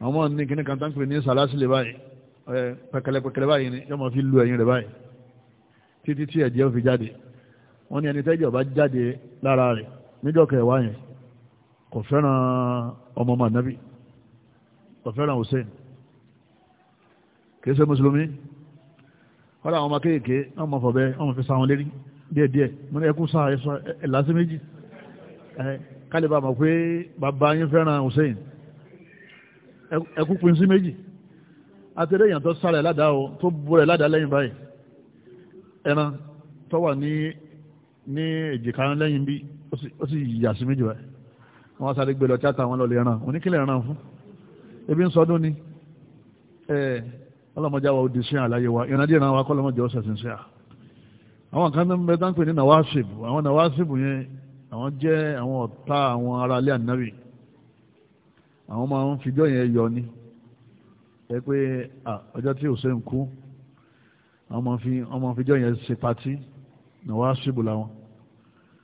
àwọn mọ̀ ní kíní kan tán pè ní sàlásì lè báyìí pẹ̀kẹ̀lẹ̀ pẹ̀kẹ̀lẹ̀ báyìí ni yọmọ fi lu ẹ̀yìn rẹ̀ báyìí títí tí ẹ̀jẹ̀ fi jáde wọ́n ní ẹni tẹ́jọ̀ bá jáde lára rẹ̀ níjọ́ kẹwàá yẹn kò fẹ́ràn ọmọ mànábì kò fẹ́ràn Hussein kìí ṣe mùsùlùmí kọ́lá àwọn ọmọ kéèké wọ́n mọ̀ fọ̀bẹ́ wọ́n fi sáwọn lérí díẹ̀díẹ̀ mo ní ẹkú sáà ẹ̀sọ́ ẹ̀lásí méjì kálí bá mọ̀ pé bàbá yín fẹ́ràn Hussein ẹkú pin sí méjì àtẹ̀lé èèyàn tó sálẹ̀ ládàá o tó búrẹ̀ ládàá lẹ́yìn báyìí ẹran tó wà ní ní èjìká lẹ́yìn bí ó sì yà sí méjì báyìí wọ́n sáré gbé ọlọ́mọdé àwọn òdì sí àlàyé wa ìrìnàjò ìrìnàwó akọ́lọ́mọdé ọ̀sẹ̀ sí sí à àwọn kan ní bẹ́ẹ̀ tánpẹ̀ ní nàwásìbù àwọn nàwásìbù yẹn àwọn jẹ́ àwọn ọ̀tá àwọn ará ilé ànábì àwọn máa ń fijọ́ yẹn yọ ni ẹ pé ọjọ́ tí ò sẹ́yìn kú àwọn máa ń fijọ́ yẹn ṣe patí nàwásìbù làwọn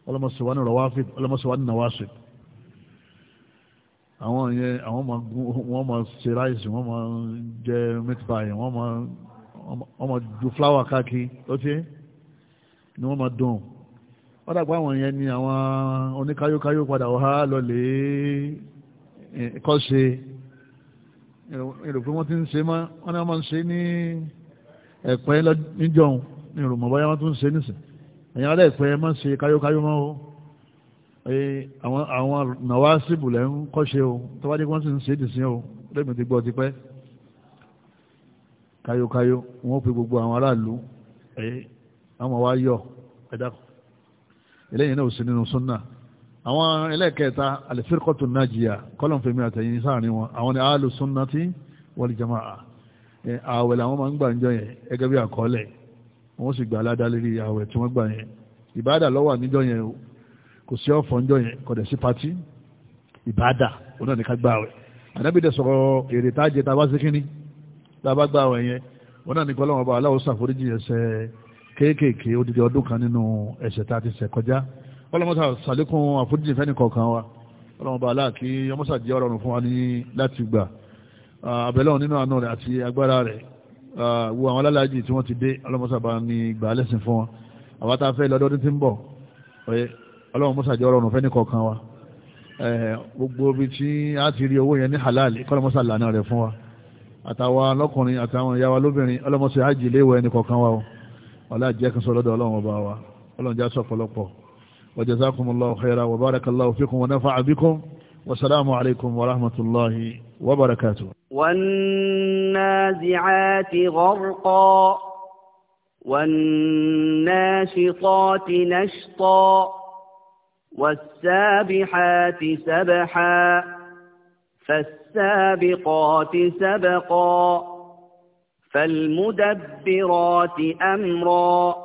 ọlọ́mọsọ̀wá ní nàwásìbù àwọn yẹn àwọn máa gún wọ́n máa ṣe ráìsì wọ́n máa jẹ meat pie wọ́n máa wọ́n máa ju fúláwà káàkiri ó ti ni wọ́n máa dùn wọ́n dàgbà àwọn yẹn ni àwọn oníkáyókáyó padà wá lọlé kọ́ ṣe èrò pé wọ́n ti ń ṣe máa wọ́n ní wọ́n máa ń ṣe ní ẹ̀pẹ́ níjọ́un ní ìròmọ̀ báyá wọ́n tún ń ṣe nísìn ẹ̀yìn alẹ́ ẹ̀pẹ́ máa ń ṣe káyókáyó máa ó àwọn àwọn nàwa síbùlẹ̀ ń kọ́ṣe o tó wá dé wọ́n sì ń ṣe ìdìsín o lẹ́mìí ti gbọ́ ti pẹ́ káyókáyó wọ́n pe gbogbo àwọn aráàlú ẹ̀yẹ àwọn wa yọ ẹ̀dákọ̀ eléyìí náà ò sí nínú súnà àwọn ẹlẹ́ẹ̀kẹta àlẹ́fẹ́rẹ́kọ́tù nàjìyà kọ́lọ̀nfẹ̀mí àtẹ̀yìn sáàrin wọn àwọn ni àálù súnà tí wal jamaa ààwẹ̀ làwọn máa ń gbà ń jọ yẹn gẹ́gẹ́ bí àkọọ́lẹ̀ wọ́n sì gbà aládàá lérí ààwẹ̀ tí wọ́n gbà yẹn ìbáàdà ló wà níjọ́ yẹn o kò sí ọ̀fọ̀ ńjọ yẹn kò dẹ̀ sí patí ìbáàdà òun náà ní ká gbà wẹ̀ ànábì dẹ̀ sọ̀rọ̀ èrè tá a jẹ tá a bá sí kínní tá a bá gbà wẹ̀ yẹn òun náà ní kọ́ lọ́wọ́ bá aláwọ̀ ṣàforíjì ẹ̀ṣẹ̀ kéékèèké odidi ọdún kan nínú ẹ̀ṣẹ̀ tá a ti ṣẹ̀ kọjá ọlọ́mọṣà ṣàlékún àforíjì fẹ́ni kọ̀ọ̀kan wa ọlọ́mọba aláàkí ọmọṣà jẹ́ ọ̀rọ̀ fún wa ní láti gbà àbẹ̀lọ́ ọlọ́run mọ́sá jẹ́ ọlọ́run fẹ́ni kọ̀ọ̀kan wa gbogbo ibi tí a ti rí owó yẹn ní halal kọ́lọ́ mọ́sá lànà rẹ̀ fún wa àtàwa lọ́kùnrin àtàwọn ìyá wa lóbìnrin ọlọ́mọsá àjì léwọ ẹni kọ̀ọ̀kan wa o ọlá jẹ́ kan lọ́dọ̀ ọlọ́run ọba wa ọlọ́run já sọ pọ̀lọpọ̀ wa jazakumullahu عليكم ورحمة الله وبركاته والنازعات غرقا والناشطات نشطا والسابحات سبحا فالسابقات سبقا فالمدبرات أمرا